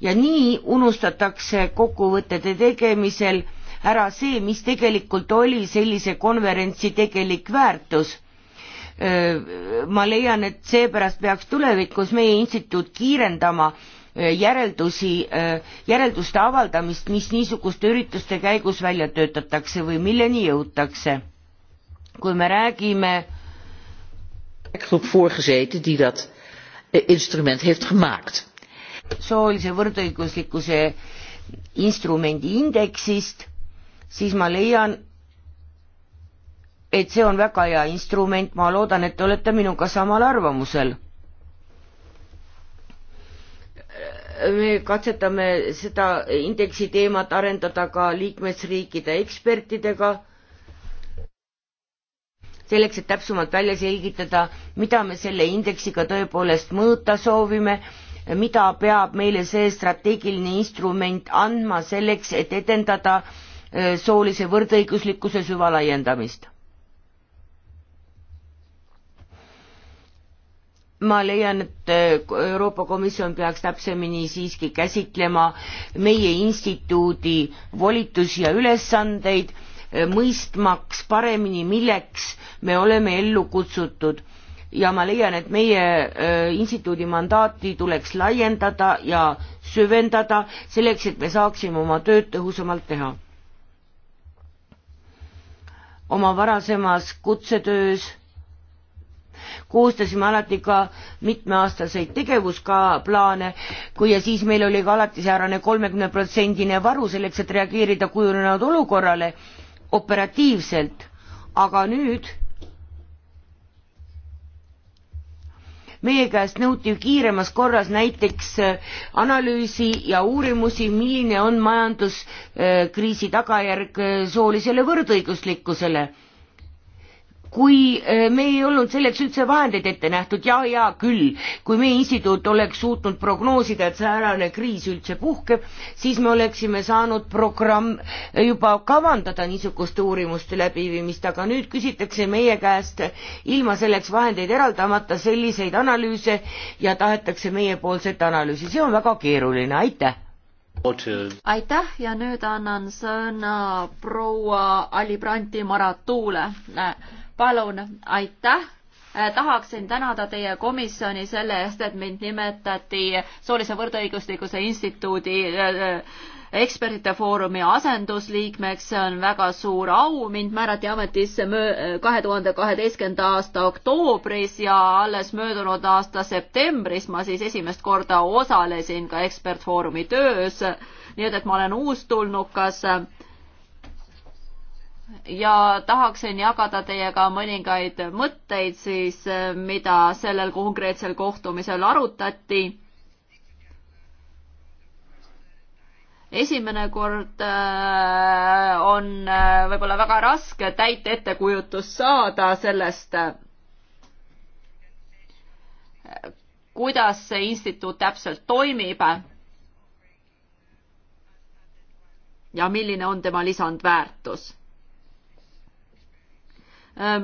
ja nii unustatakse kokkuvõtete tegemisel ära see, mis tegelikult oli sellise konverentsi tegelik väärtus ma leian, et seepärast peaks tulevikus meie instituut kiirendama äh, järeldusi, äh, järelduste avaldamist, mis niisuguste ürituste käigus välja töötatakse või milleni jõutakse. kui me räägime eh, soolise võrdõiguslikkuse instrumendi indeksist, siis ma leian, et see on väga hea instrument, ma loodan, et te olete minuga samal arvamusel. me katsetame seda indeksi teemat arendada ka liikmesriikide ekspertidega, selleks, et täpsemalt välja selgitada, mida me selle indeksiga tõepoolest mõõta soovime mida peab meile see strateegiline instrument andma selleks, et edendada äh, soolise võrdõiguslikkuse süvalaiendamist. ma leian, et äh, Euroopa Komisjon peaks täpsemini siiski käsitlema meie instituudi volitusi ja ülesandeid, äh, mõistmaks paremini, milleks me oleme ellu kutsutud. ja ma leian, et meie äh, instituudi mandaati tuleks laiendada ja süvendada selleks, et me saaksime oma tööd tõhusamalt teha. oma varasemas kutsetöös koostasime alati ka mitmeaastaseid tegevusplaane, kui ja siis meil oli ka alati säärane kolmekümne protsendine varu selleks, et reageerida kujunenud olukorrale operatiivselt, aga nüüd meie käest nõuti kiiremas korras näiteks äh, analüüsi ja uurimusi, milline on majanduskriisi tagajärg äh, soolisele võrdõiguslikkusele kui eh, me ei olnud selleks üldse vahendeid ette nähtud ja, ja küll, kui meie instituut oleks suutnud prognoosida, et säärane kriis üldse puhkeb, siis me oleksime saanud programm eh, juba kavandada niisuguste uurimuste läbiviimist, aga nüüd küsitakse meie käest ilma selleks vahendeid eraldamata selliseid analüüse ja tahetakse meiepoolset analüüsi, see on väga keeruline, aitäh! aitäh ja nüüd annan sõna proua Ali Branti Maratuule palun, aitäh äh, tahaksin tänada teie komisjoni selle eest, et mind nimetati Soolise Võrdõiguslikkuse Instituudi äh, äh, ekspertide foorumi asendusliikmeks, see on väga suur au, mind määrati ametisse kahe tuhande kaheteistkümnenda aasta oktoobris ja alles möödunud aasta septembris ma siis esimest korda osalesin ka ekspertfoorumi töös, nii et, et ma olen uustulnukas ja tahaksin jagada teiega mõningaid mõtteid siis, eh, mida sellel konkreetsel kohtumisel arutati. esimene kord eh, on eh, võib-olla väga raske täit ettekujutust saada sellest, kuidas see instituut täpselt toimib ja milline on tema lisandväärtus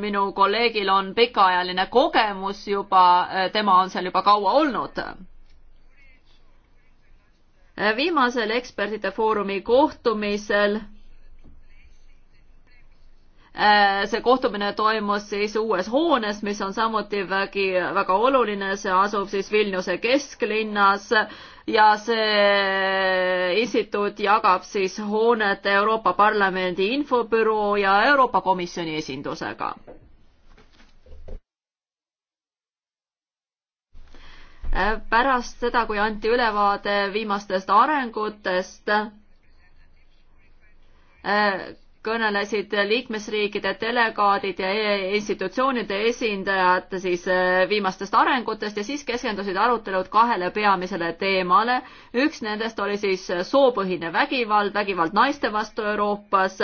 minu kolleegil on pikaajaline kogemus juba, äh, tema on seal juba kaua olnud. viimasel ekspertide foorumi kohtumisel Äh, see kohtumine toimus siis uues hoones, mis on samuti vägi, väga oluline, see asub siis Vilniuse kesklinnas ja see instituut jagab siis hoonet Euroopa Parlamendi infobüroo ja Euroopa Komisjoni esindusega. Äh, pärast seda, kui anti ülevaade viimastest arengutest, äh, kõnelesid liikmesriikide delegaadid ja e-, institutsioonide esindajad siis äh, viimastest arengutest ja siis keskendusid arutelud kahele peamisele teemale. üks nendest oli siis soopõhine vägivald, vägivald naiste vastu Euroopas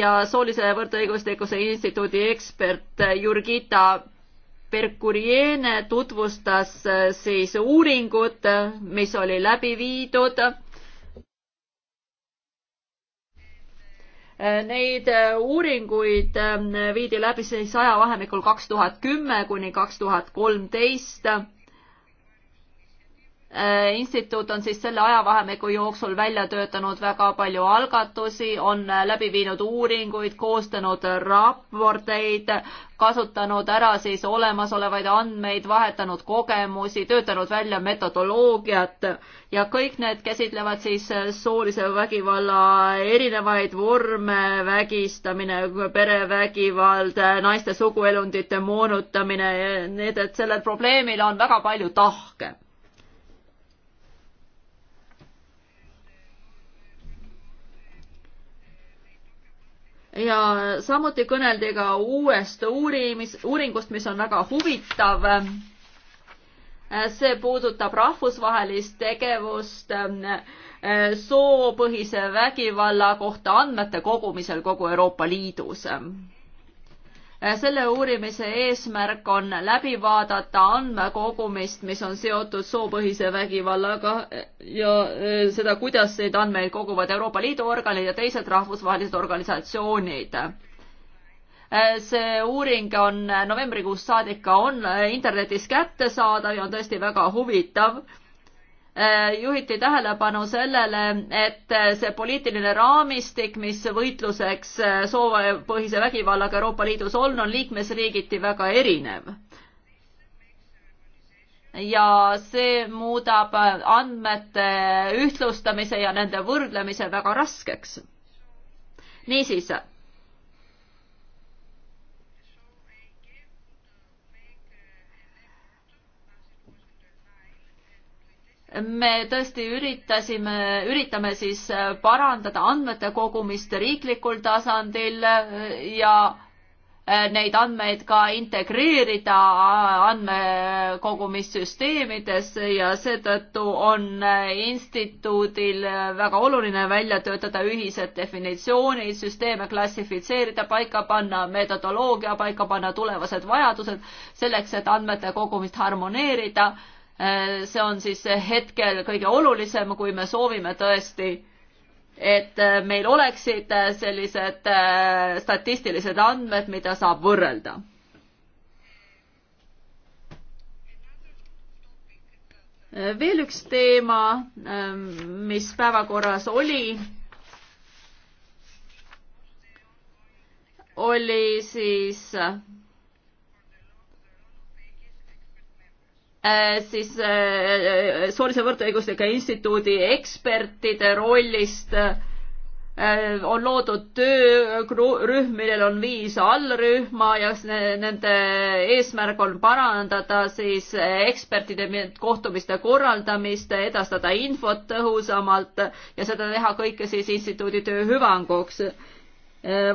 ja soolise võrdõiguslikkuse instituudi ekspert Jurgita Perkuriene tutvustas äh, siis uuringut, mis oli läbi viidud Neid äh, uuringuid äh, viidi läbi siis ajavahemikul kaks tuhat kümme kuni kaks tuhat kolmteist Äh, instituut on siis selle ajavahemiku jooksul välja töötanud väga palju algatusi, on äh, läbi viinud uuringuid, koostanud raporteid, kasutanud ära siis olemasolevaid andmeid, vahetanud kogemusi, töötanud välja metodoloogiat ja kõik need käsitlevad siis äh, soolise vägivalla erinevaid vorme, vägistamine, perevägivald, naiste suguelundite moonutamine, nii et sellel probleemil on väga palju tahke ja samuti kõneldi ka uuest uurimis, uuringust, mis on väga huvitav. see puudutab rahvusvahelist tegevust soopõhise vägivalla kohta andmete kogumisel kogu Euroopa Liidus selle uurimise eesmärk on läbi vaadata andmekogumist, mis on seotud soopõhise vägivallaga ja äh, seda, kuidas neid andmeid koguvad Euroopa Liidu organid ja teised rahvusvahelised organisatsioonid. Äh, see uuring on novembrikuust saadik ka on internetis kättesaadav ja on tõesti väga huvitav Äh, juhiti tähelepanu sellele, et äh, see poliitiline raamistik, mis võitluseks äh, soopõhise vägivallaga Euroopa Liidus on, on liikmesriigiti väga erinev. ja see muudab andmete ühtlustamise ja nende võrdlemise väga raskeks. niisiis me tõesti üritasime, üritame siis parandada andmete kogumist riiklikul tasandil ja e, neid andmeid ka integreerida andmekogumissüsteemidesse ja seetõttu on e, instituudil väga oluline välja töötada ühised definitsioonid, süsteeme klassifitseerida, paika panna metodoloogia, paika panna tulevased vajadused selleks, et andmete kogumist harmoneerida Äh, see on siis hetkel kõige olulisem, kui me soovime tõesti, et äh, meil oleksid äh, sellised statistilised andmed, mida saab võrrelda. veel üks teema, ähm, mis päevakorras oli, oli siis Äh, siis äh, soolise võrdõiguslike instituudi ekspertide rollist äh, on loodud töörühm, millel on viis allrühma ja nende eesmärk on parandada siis ekspertide kohtumiste korraldamist, edastada infot tõhusamalt ja seda teha kõike siis instituudi töö hüvanguks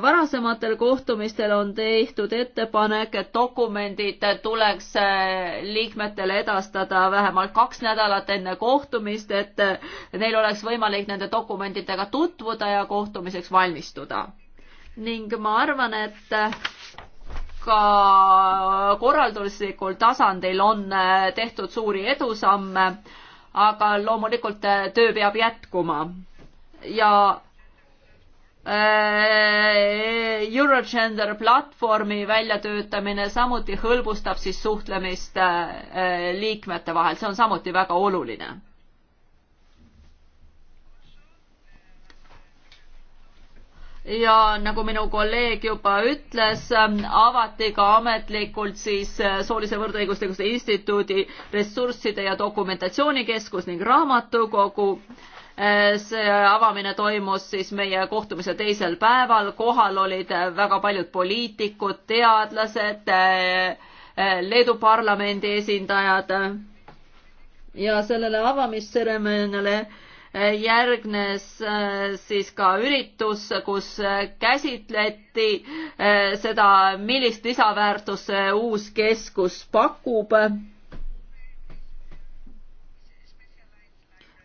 varasematel kohtumistel on tehtud ettepanek, et dokumendid tuleks äh, liikmetele edastada vähemalt kaks nädalat enne kohtumist, et äh, neil oleks võimalik nende dokumentidega tutvuda ja kohtumiseks valmistuda. ning ma arvan, et äh, ka korralduslikul tasandil on tehtud suuri edusamme, aga loomulikult töö peab jätkuma ja Äh, Eurogender platvormi väljatöötamine samuti hõlbustab siis suhtlemist äh, liikmete vahel, see on samuti väga oluline. ja nagu minu kolleeg juba ütles, ähm, avati ka ametlikult siis äh, Soolise Võrdõiguslikkuse Instituudi ressursside ja dokumentatsioonikeskus ning raamatukogu äh, Eh, see avamine toimus siis meie kohtumise teisel päeval, kohal olid väga paljud poliitikud, teadlased, eh, Leedu parlamendi esindajad ja sellele avamistseremooniale eh, järgnes siis ka üritus, kus käsitleti seda, millist lisaväärtust see uus keskus pakub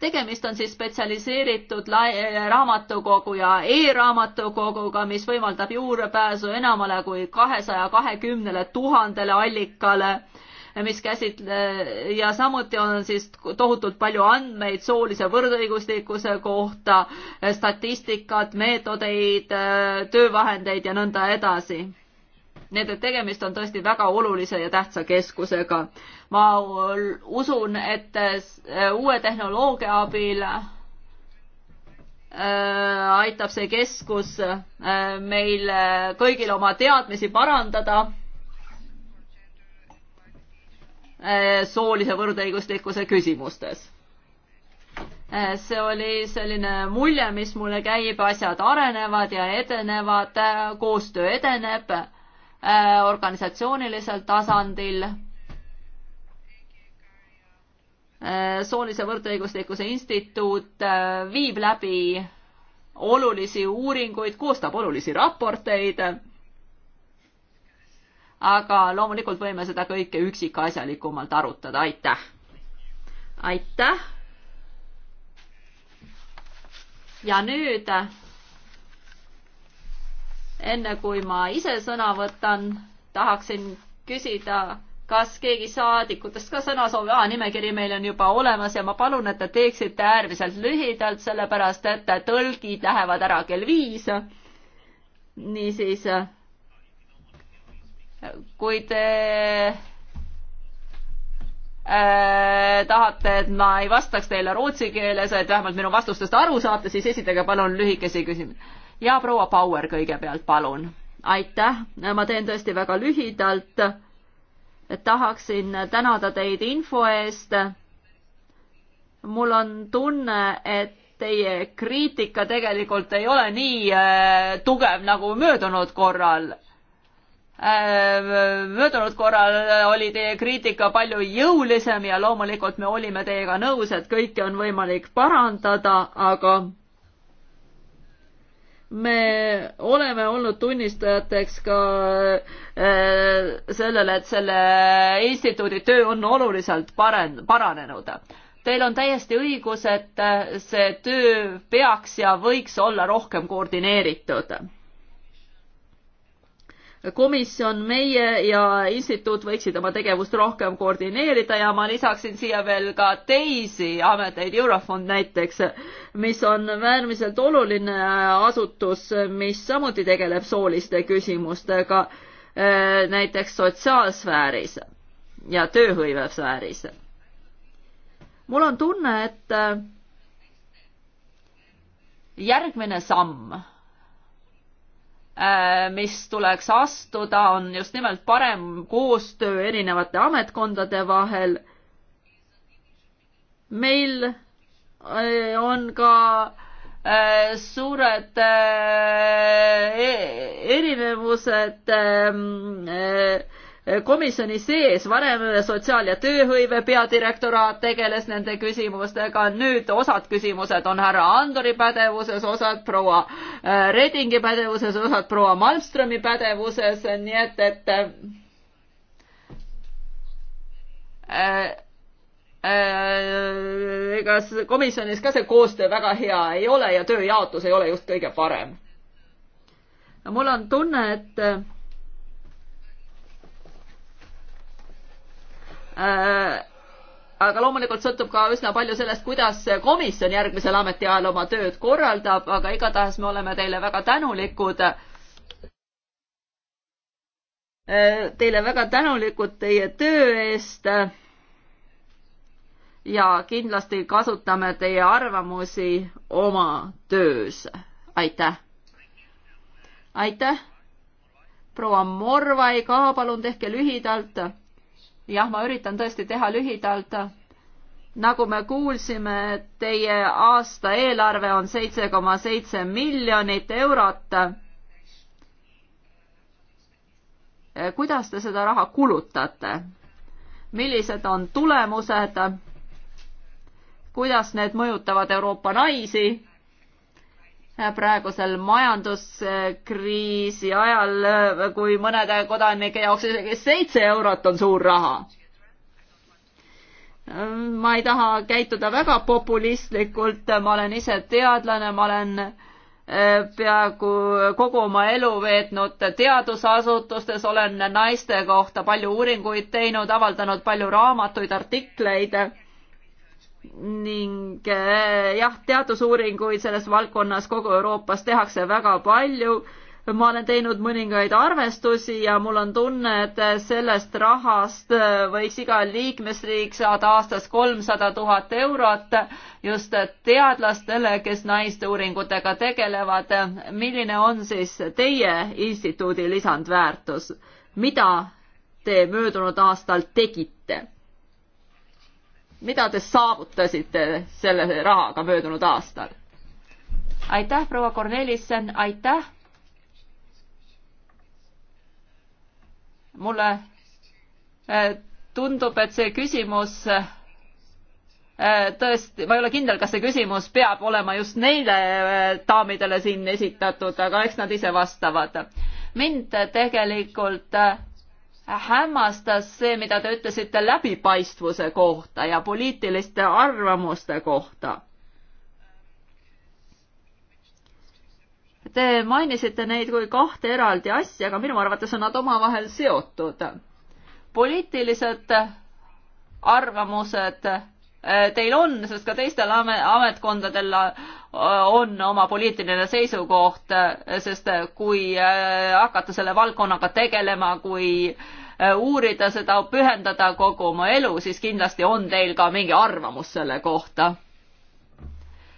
tegemist on siis spetsialiseeritud raamatukogu ja e-raamatukoguga, mis võimaldab juurdepääsu enamale kui kahesaja kahekümnele tuhandele allikale mis käsitle- ja samuti on siis tohutult palju andmeid soolise võrdõiguslikkuse kohta, statistikat, meetodeid, töövahendeid ja nõnda edasi nii et, et tegemist on tõesti väga olulise ja tähtsa keskusega. ma usun, et äh, uue tehnoloogia abil äh, aitab see keskus äh, meil kõigil oma teadmisi parandada soolise võrdõiguslikkuse küsimustes. see oli selline mulje, mis mulle käib, asjad arenevad ja edenevad, koostöö edeneb Äh, organisatsioonilisel tasandil äh, soolise võrdõiguslikkuse instituut äh, viib läbi olulisi uuringuid, koostab olulisi raporteid. aga loomulikult võime seda kõike üksikasjalikumalt arutada, aitäh. aitäh. ja nüüd enne kui ma ise sõna võtan, tahaksin küsida, kas keegi saadikutest ka sõna soovib, aa, nimekiri meil on juba olemas ja ma palun, et te teeksite äärmiselt lühidalt, sellepärast et tõlgid lähevad ära kell viis. niisiis, kui te Äh, tahate, et ma ei vastaks teile rootsi keeles, et vähemalt minu vastustest aru saate, siis esitage palun lühikesi küsimusi ja proua Bauer kõigepealt, palun. aitäh, ma teen tõesti väga lühidalt. tahaksin tänada teid info eest. mul on tunne, et teie kriitika tegelikult ei ole nii äh, tugev nagu möödunud korral äh,. möödunud korral oli teie kriitika palju jõulisem ja loomulikult me olime teiega nõus, et kõike on võimalik parandada, aga me oleme olnud tunnistajateks ka eh, sellele, et selle instituudi töö on oluliselt paren-, paranenud. Teil on täiesti õigus, et see töö peaks ja võiks olla rohkem koordineeritud komisjon, meie ja instituut võiksid oma tegevust rohkem koordineerida ja ma lisaksin siia veel ka teisi ameteid, Eurofond näiteks, mis on äärmiselt oluline asutus, mis samuti tegeleb sooliste küsimustega, eh, näiteks sotsiaalsfääris ja tööhõivesfääris. mul on tunne, et järgmine samm Äh, mis tuleks astuda, on just nimelt parem koostöö erinevate ametkondade vahel. meil äh, on ka äh, suured e-, erinevused ähm, komisjoni sees, varem sotsiaal- ja tööhõive peadirektoraat tegeles nende küsimustega, nüüd osad küsimused on härra Andori pädevuses, osad proua äh, Redingi pädevuses, osad proua Malmströmi pädevuses, nii et, et äh, äh, ega komisjonis ka see koostöö väga hea ei ole ja tööjaotus ei ole just kõige parem. mul on tunne, et Äh, aga loomulikult sõltub ka üsna palju sellest, kuidas komisjon järgmisel ametiajal oma tööd korraldab, aga igatahes me oleme teile väga tänulikud. Äh, teile väga tänulikud teie töö eest. ja kindlasti kasutame teie arvamusi oma töös. aitäh. aitäh. proua Morvai ka, palun tehke lühidalt jah, ma üritan tõesti teha lühidalt. nagu me kuulsime, teie aasta eelarve on seitse koma seitse miljonit eurot. kuidas te seda raha kulutate? millised on tulemused? kuidas need mõjutavad Euroopa naisi? praegusel majanduskriisi ajal, kui mõnede kodanike jaoks isegi seitse eurot on suur raha. ma ei taha käituda väga populistlikult, ma olen ise teadlane, ma olen eh, peaaegu kogu oma elu veetnud teadusasutustes, olen naiste kohta palju uuringuid teinud, avaldanud palju raamatuid, artikleid ning eh, jah, teadusuuringuid selles valdkonnas kogu Euroopas tehakse väga palju. ma olen teinud mõningaid arvestusi ja mul on tunne, et sellest rahast eh, võiks iga liikmesriik saada aastas kolmsada tuhat eurot just teadlastele, kes naiste uuringutega tegelevad. milline on siis teie instituudi lisandväärtus? mida te möödunud aastal tegite? mida te saavutasite selle rahaga möödunud aastal? aitäh, proua Kornelissen, aitäh. mulle äh, tundub, et see küsimus äh, tõesti, ma ei ole kindel, kas see küsimus peab olema just neile äh, daamidele siin esitatud, aga eks nad ise vastavad. mind tegelikult hämmastas see, mida te ütlesite läbipaistvuse kohta ja poliitiliste arvamuste kohta. Te mainisite neid kui kahte eraldi asja, aga minu arvates on nad omavahel seotud. poliitilised arvamused Äh, teil on, sest ka teistel ametkondadel äh, on oma poliitiline seisukoht, äh, sest kui hakata selle valdkonnaga tegelema, kui uurida seda, pühendada kogu oma elu, siis kindlasti on teil ka mingi arvamus selle kohta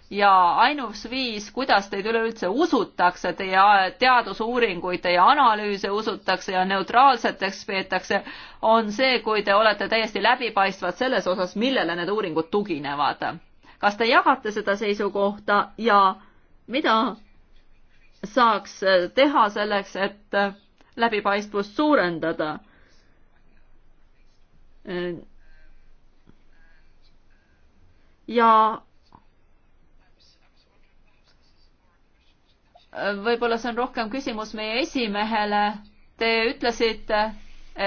ja ainus viis, kuidas teid üleüldse usutakse, teie teadusuuringuid, teie analüüse usutakse ja neutraalseteks peetakse, on see, kui te olete täiesti läbipaistvad selles osas, millele need uuringud tuginevad. kas te jagate seda seisukohta ja mida saaks teha selleks, et läbipaistvust suurendada? ja võib-olla see on rohkem küsimus meie esimehele. Te ütlesite,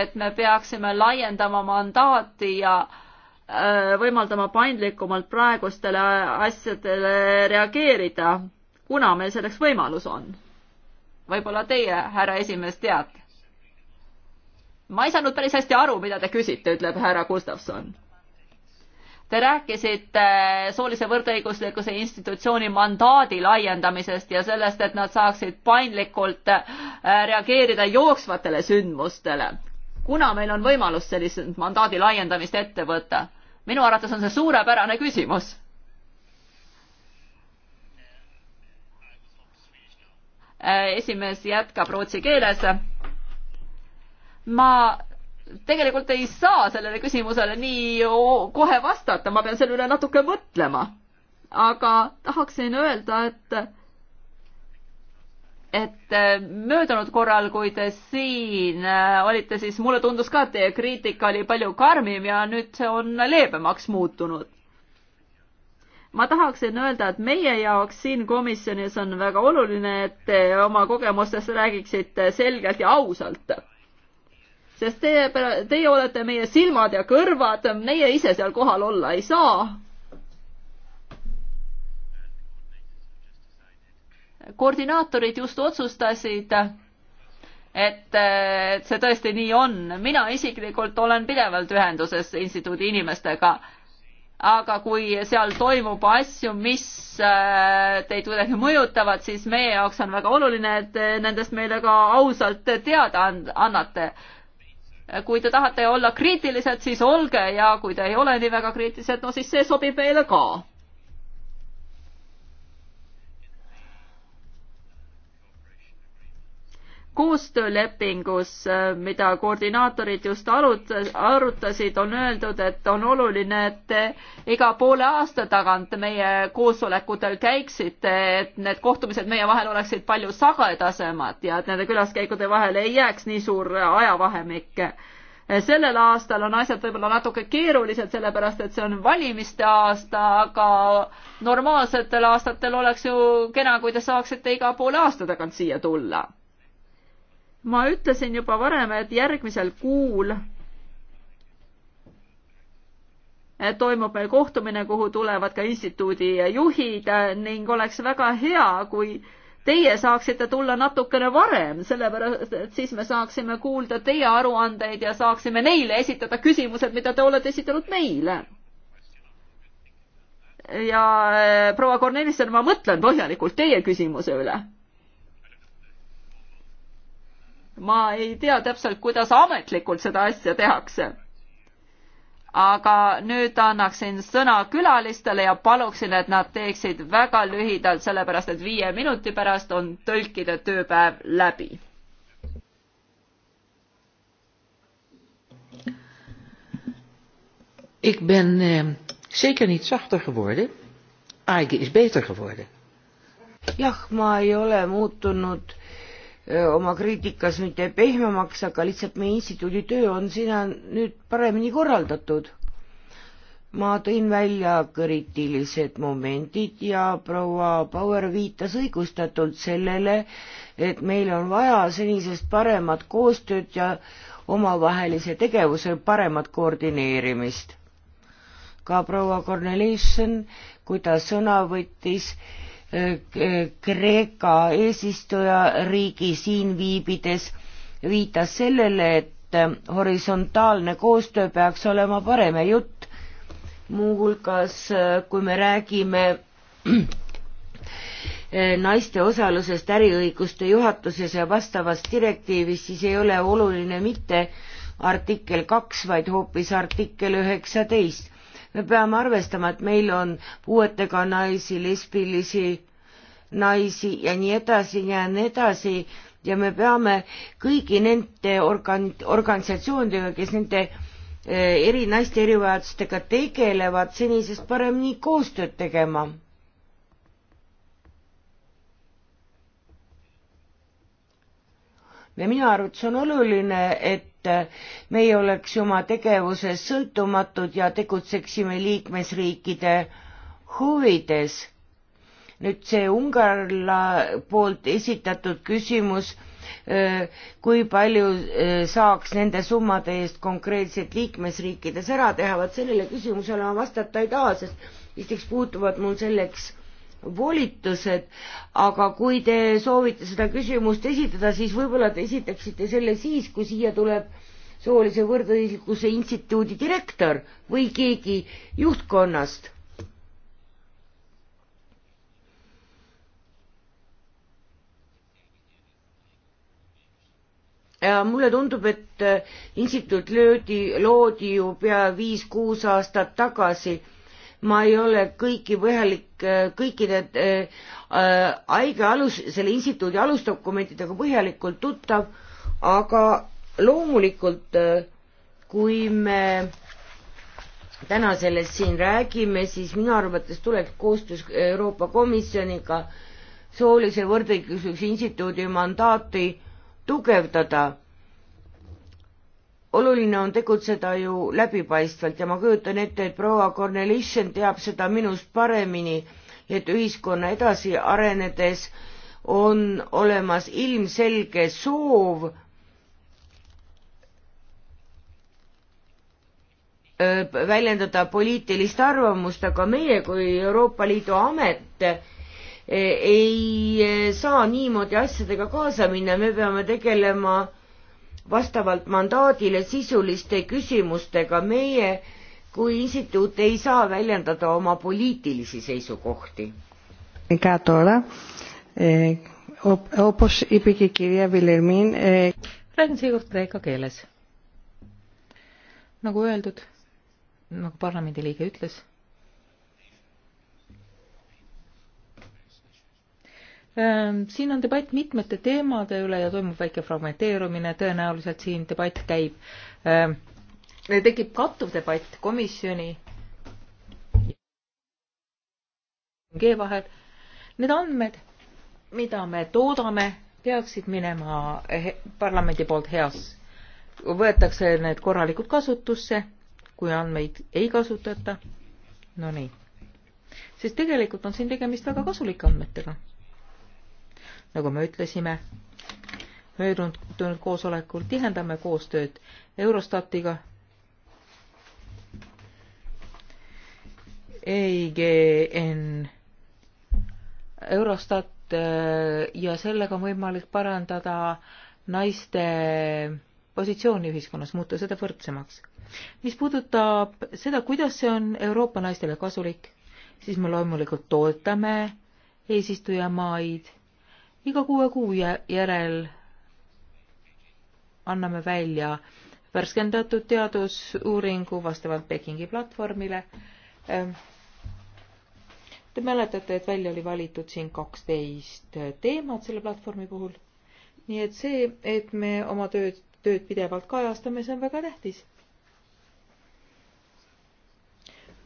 et me peaksime laiendama mandaati ja äh, võimaldama paindlikumalt praegustele asjadele reageerida. kuna meil selleks võimalus on? võib-olla teie, härra esimees, teate? ma ei saanud päris hästi aru, mida te küsite, ütleb härra Gustavson Te rääkisite äh, soolise võrdõiguslikkuse institutsiooni mandaadi laiendamisest ja sellest, et nad saaksid paindlikult äh, reageerida jooksvatele sündmustele. kuna meil on võimalus sellist mandaadi laiendamist ette võtta? minu arvates on see suurepärane küsimus. Äh, esimees jätkab rootsi keeles. ma tegelikult ei saa sellele küsimusele nii kohe vastata, ma pean selle üle natuke mõtlema. aga tahaksin öelda, et et äh, möödunud korral, kui te siin äh, olite, siis mulle tundus ka, et teie kriitika oli palju karmim ja nüüd see on leebemaks muutunud. ma tahaksin öelda, et meie jaoks siin komisjonis on väga oluline, et te oma kogemustest räägiksite selgelt ja ausalt sest teie, teie olete meie silmad ja kõrvad, meie ise seal kohal olla ei saa. koordinaatorid just otsustasid, et see tõesti nii on. mina isiklikult olen pidevalt ühenduses instituudi inimestega aga kui seal toimub asju, mis äh, teid kuidagi mõjutavad, siis meie jaoks on väga oluline, et äh, nendest meile ka ausalt teada annate kui te tahate olla kriitilised, siis olge ja kui te ei ole nii väga kriitilised, no siis see sobib meile ka koostöölepingus, mida koordinaatorid just arut-, arutasid, on öeldud, et on oluline, et iga poole aasta tagant meie koosolekutel käiksite, et need kohtumised meie vahel oleksid palju sagedasemad ja et nende külaskäikude vahele ei jääks nii suur ajavahemik sellel aastal on asjad võib-olla natuke keerulised, sellepärast et see on valimiste aasta, aga normaalsetel aastatel oleks ju kena, kui te saaksite iga poole aasta tagant siia tulla ma ütlesin juba varem, et järgmisel kuul toimub meil kohtumine, kuhu tulevad ka instituudi juhid ning oleks väga hea, kui teie saaksite tulla natukene varem, sellepärast et siis me saaksime kuulda teie aruandeid ja saaksime neile esitada küsimused, mida te olete esitanud meile. ja eh, proua Kornelissen, ma mõtlen põhjalikult teie küsimuse üle ma ei tea täpselt, kuidas ametlikult seda asja tehakse. aga nüüd annaksin sõna külalistele ja paluksin, et nad teeksid väga lühidalt, sellepärast et viie minuti pärast on tõlkide tööpäev läbi. Ik ben eh, zeker niet zachter geworden. Aige is beter geworden. Jah, ma ei ole muutunud eh, oma kriitikas mitte pehmemaks, aga lihtsalt meie instituudi töö on sinna nüüd paremini korraldatud. ma tõin välja kriitilised momendid ja proua Bauer viitas õigustatult sellele, et meil on vaja senisest paremat koostööd ja omavahelise tegevuse paremat koordineerimist. ka proua Cornelissen, kui ta sõna võttis, Kreeka eesistujariigi siin viibides viitas sellele, et horisontaalne koostöö peaks olema parem ja jutt muuhulgas, kui me räägime naiste osalusest äriõiguste juhatuses ja vastavas direktiivis, siis ei ole oluline mitte artikkel kaks, vaid hoopis artikkel üheksateist me peame arvestama, et meil on puuetega naisi, lesbilisi naisi ja nii edasi ja nii edasi ja me peame kõigi nende organ-, organisatsioonidega, kes nende eh, eri naiste erivajadustega tegelevad, senisest paremini koostööd tegema. ja minu arvates on oluline, et et meie oleks oma tegevuses sõltumatud ja tegutseksime liikmesriikide huvides. nüüd see Ungarla poolt esitatud küsimus, kui palju saaks nende summade eest konkreetselt liikmesriikides ära teha, vot sellele küsimusele ma vastata ei taha, sest esiteks puutuvad mul selleks volitused, aga kui te soovite seda küsimust esitada, siis võib-olla te esitaksite selle siis, kui siia tuleb soolise võrdõiguslikkuse instituudi direktor või keegi juhtkonnast. ja mulle tundub, et instituut löödi, loodi ju pea viis-kuus aastat tagasi ma ei ole kõiki põhjalik, äh, kõikide äh, äh, haigla alus, selle instituudi alusdokumentidega põhjalikult tuttav, aga loomulikult, kui me täna sellest siin räägime, siis minu arvates tuleks koostöös Euroopa Komisjoniga soolise võrdõiguslikkuse instituudi mandaati tugevdada oluline on tegutseda ju läbipaistvalt ja ma kujutan ette, et proua Cornelissen teab seda minust paremini, et ühiskonna edasi arenedes on olemas ilmselge soov äh, väljendada poliitilist arvamust, aga meie kui Euroopa Liidu amet äh, ei äh, saa niimoodi asjadega kaasa minna, me peame tegelema vastavalt mandaadile sisuliste küsimustega, meie kui instituut ei saa väljendada oma poliitilisi seisukohti. Eh, eh, räägin seekord kreeka keeles. nagu öeldud, nagu parlamendiliige ütles Ehm, siin on debatt mitmete teemade üle ja toimub väike fragmenteerumine, tõenäoliselt siin debatt käib, ehm, tekib kattuv debatt komisjoni G vahel. Need andmed, mida me toodame, peaksid minema parlamendi poolt heas, võetakse need korralikult kasutusse, kui andmeid ei kasutata. Nonii, sest tegelikult on siin tegemist väga kasulike andmetega nagu me ütlesime möödunud koosolekul, tihendame koostööd Eurostatiga, EIGN, Eurostat äh, ja sellega on võimalik parandada naiste positsiooni ühiskonnas, muuta seda võrdsemaks. mis puudutab seda, kuidas see on Euroopa naistele kasulik, siis me loomulikult toetame eesistujamaid iga kuue kuu järel anname välja värskendatud teadusuuringu vastavalt Pekingi platvormile. Ähm, Te mäletate, et välja oli valitud siin kaksteist teemat selle platvormi puhul. nii et see, et me oma tööd, tööd pidevalt kajastame, see on väga tähtis.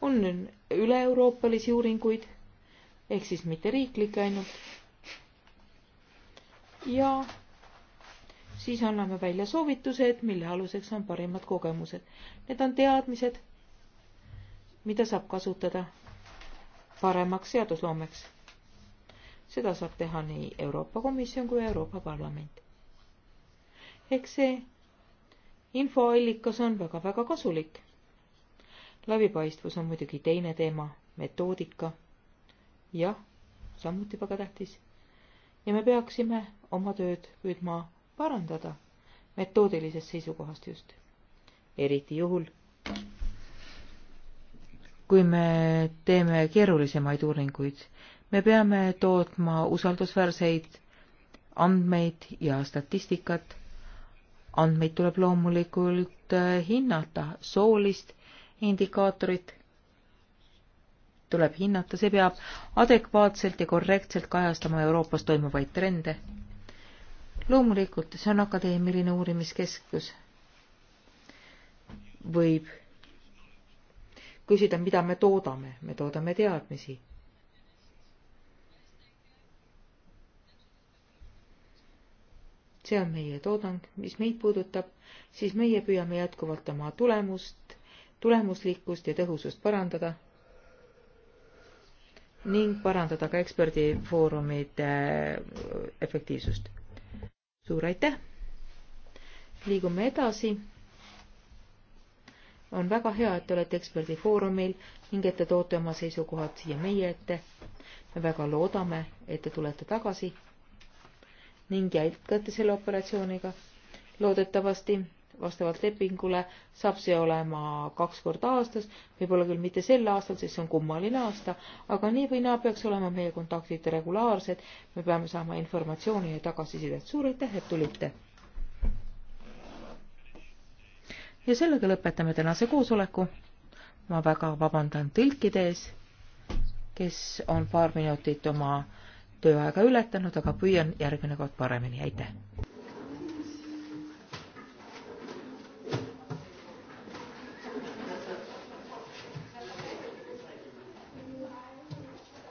on üle-euroopalisi uuringuid ehk siis mitte riiklikke ainult ja siis anname välja soovitused, mille aluseks on parimad kogemused. Need on teadmised, mida saab kasutada paremaks seadusloomeks. seda saab teha nii Euroopa Komisjon kui Euroopa Parlament. eks see infoallikas on väga-väga kasulik. läbipaistvus on muidugi teine teema, metoodika. jah, samuti väga tähtis ja me peaksime oma tööd püüdma parandada, metoodilisest seisukohast just. eriti juhul, kui me teeme keerulisemaid uuringuid, me peame tootma usaldusväärseid andmeid ja statistikat. andmeid tuleb loomulikult eh, hinnata, soolist indikaatorit tuleb hinnata, see peab adekvaatselt ja korrektselt kajastama Euroopas toimuvaid trende. loomulikult, see on akadeemiline uurimiskeskus. võib küsida, mida me toodame, me toodame teadmisi. see on meie toodang, mis meid puudutab, siis meie püüame jätkuvalt oma tulemust, tulemuslikkust ja tõhusust parandada ning parandada ka eksperdifoorumite äh, efektiivsust. suur aitäh! liigume edasi. on väga hea, et te olete eksperdifoorumil ning et te toote oma seisukohad siia meie ette. me väga loodame, et te tulete tagasi ning jätkate selle operatsiooniga. loodetavasti vastavalt lepingule saab see olema kaks korda aastas, võib-olla küll mitte sel aastal, sest see on kummaline aasta, aga nii või naa peaks olema meie kontaktid regulaarsed, me peame saama informatsiooni ja tagasisidet. suur aitäh, et tulite! ja sellega lõpetame tänase koosoleku. ma väga vabandan tõlkide ees, kes on paar minutit oma tööaega ületanud, aga püüan järgmine kord paremini, aitäh!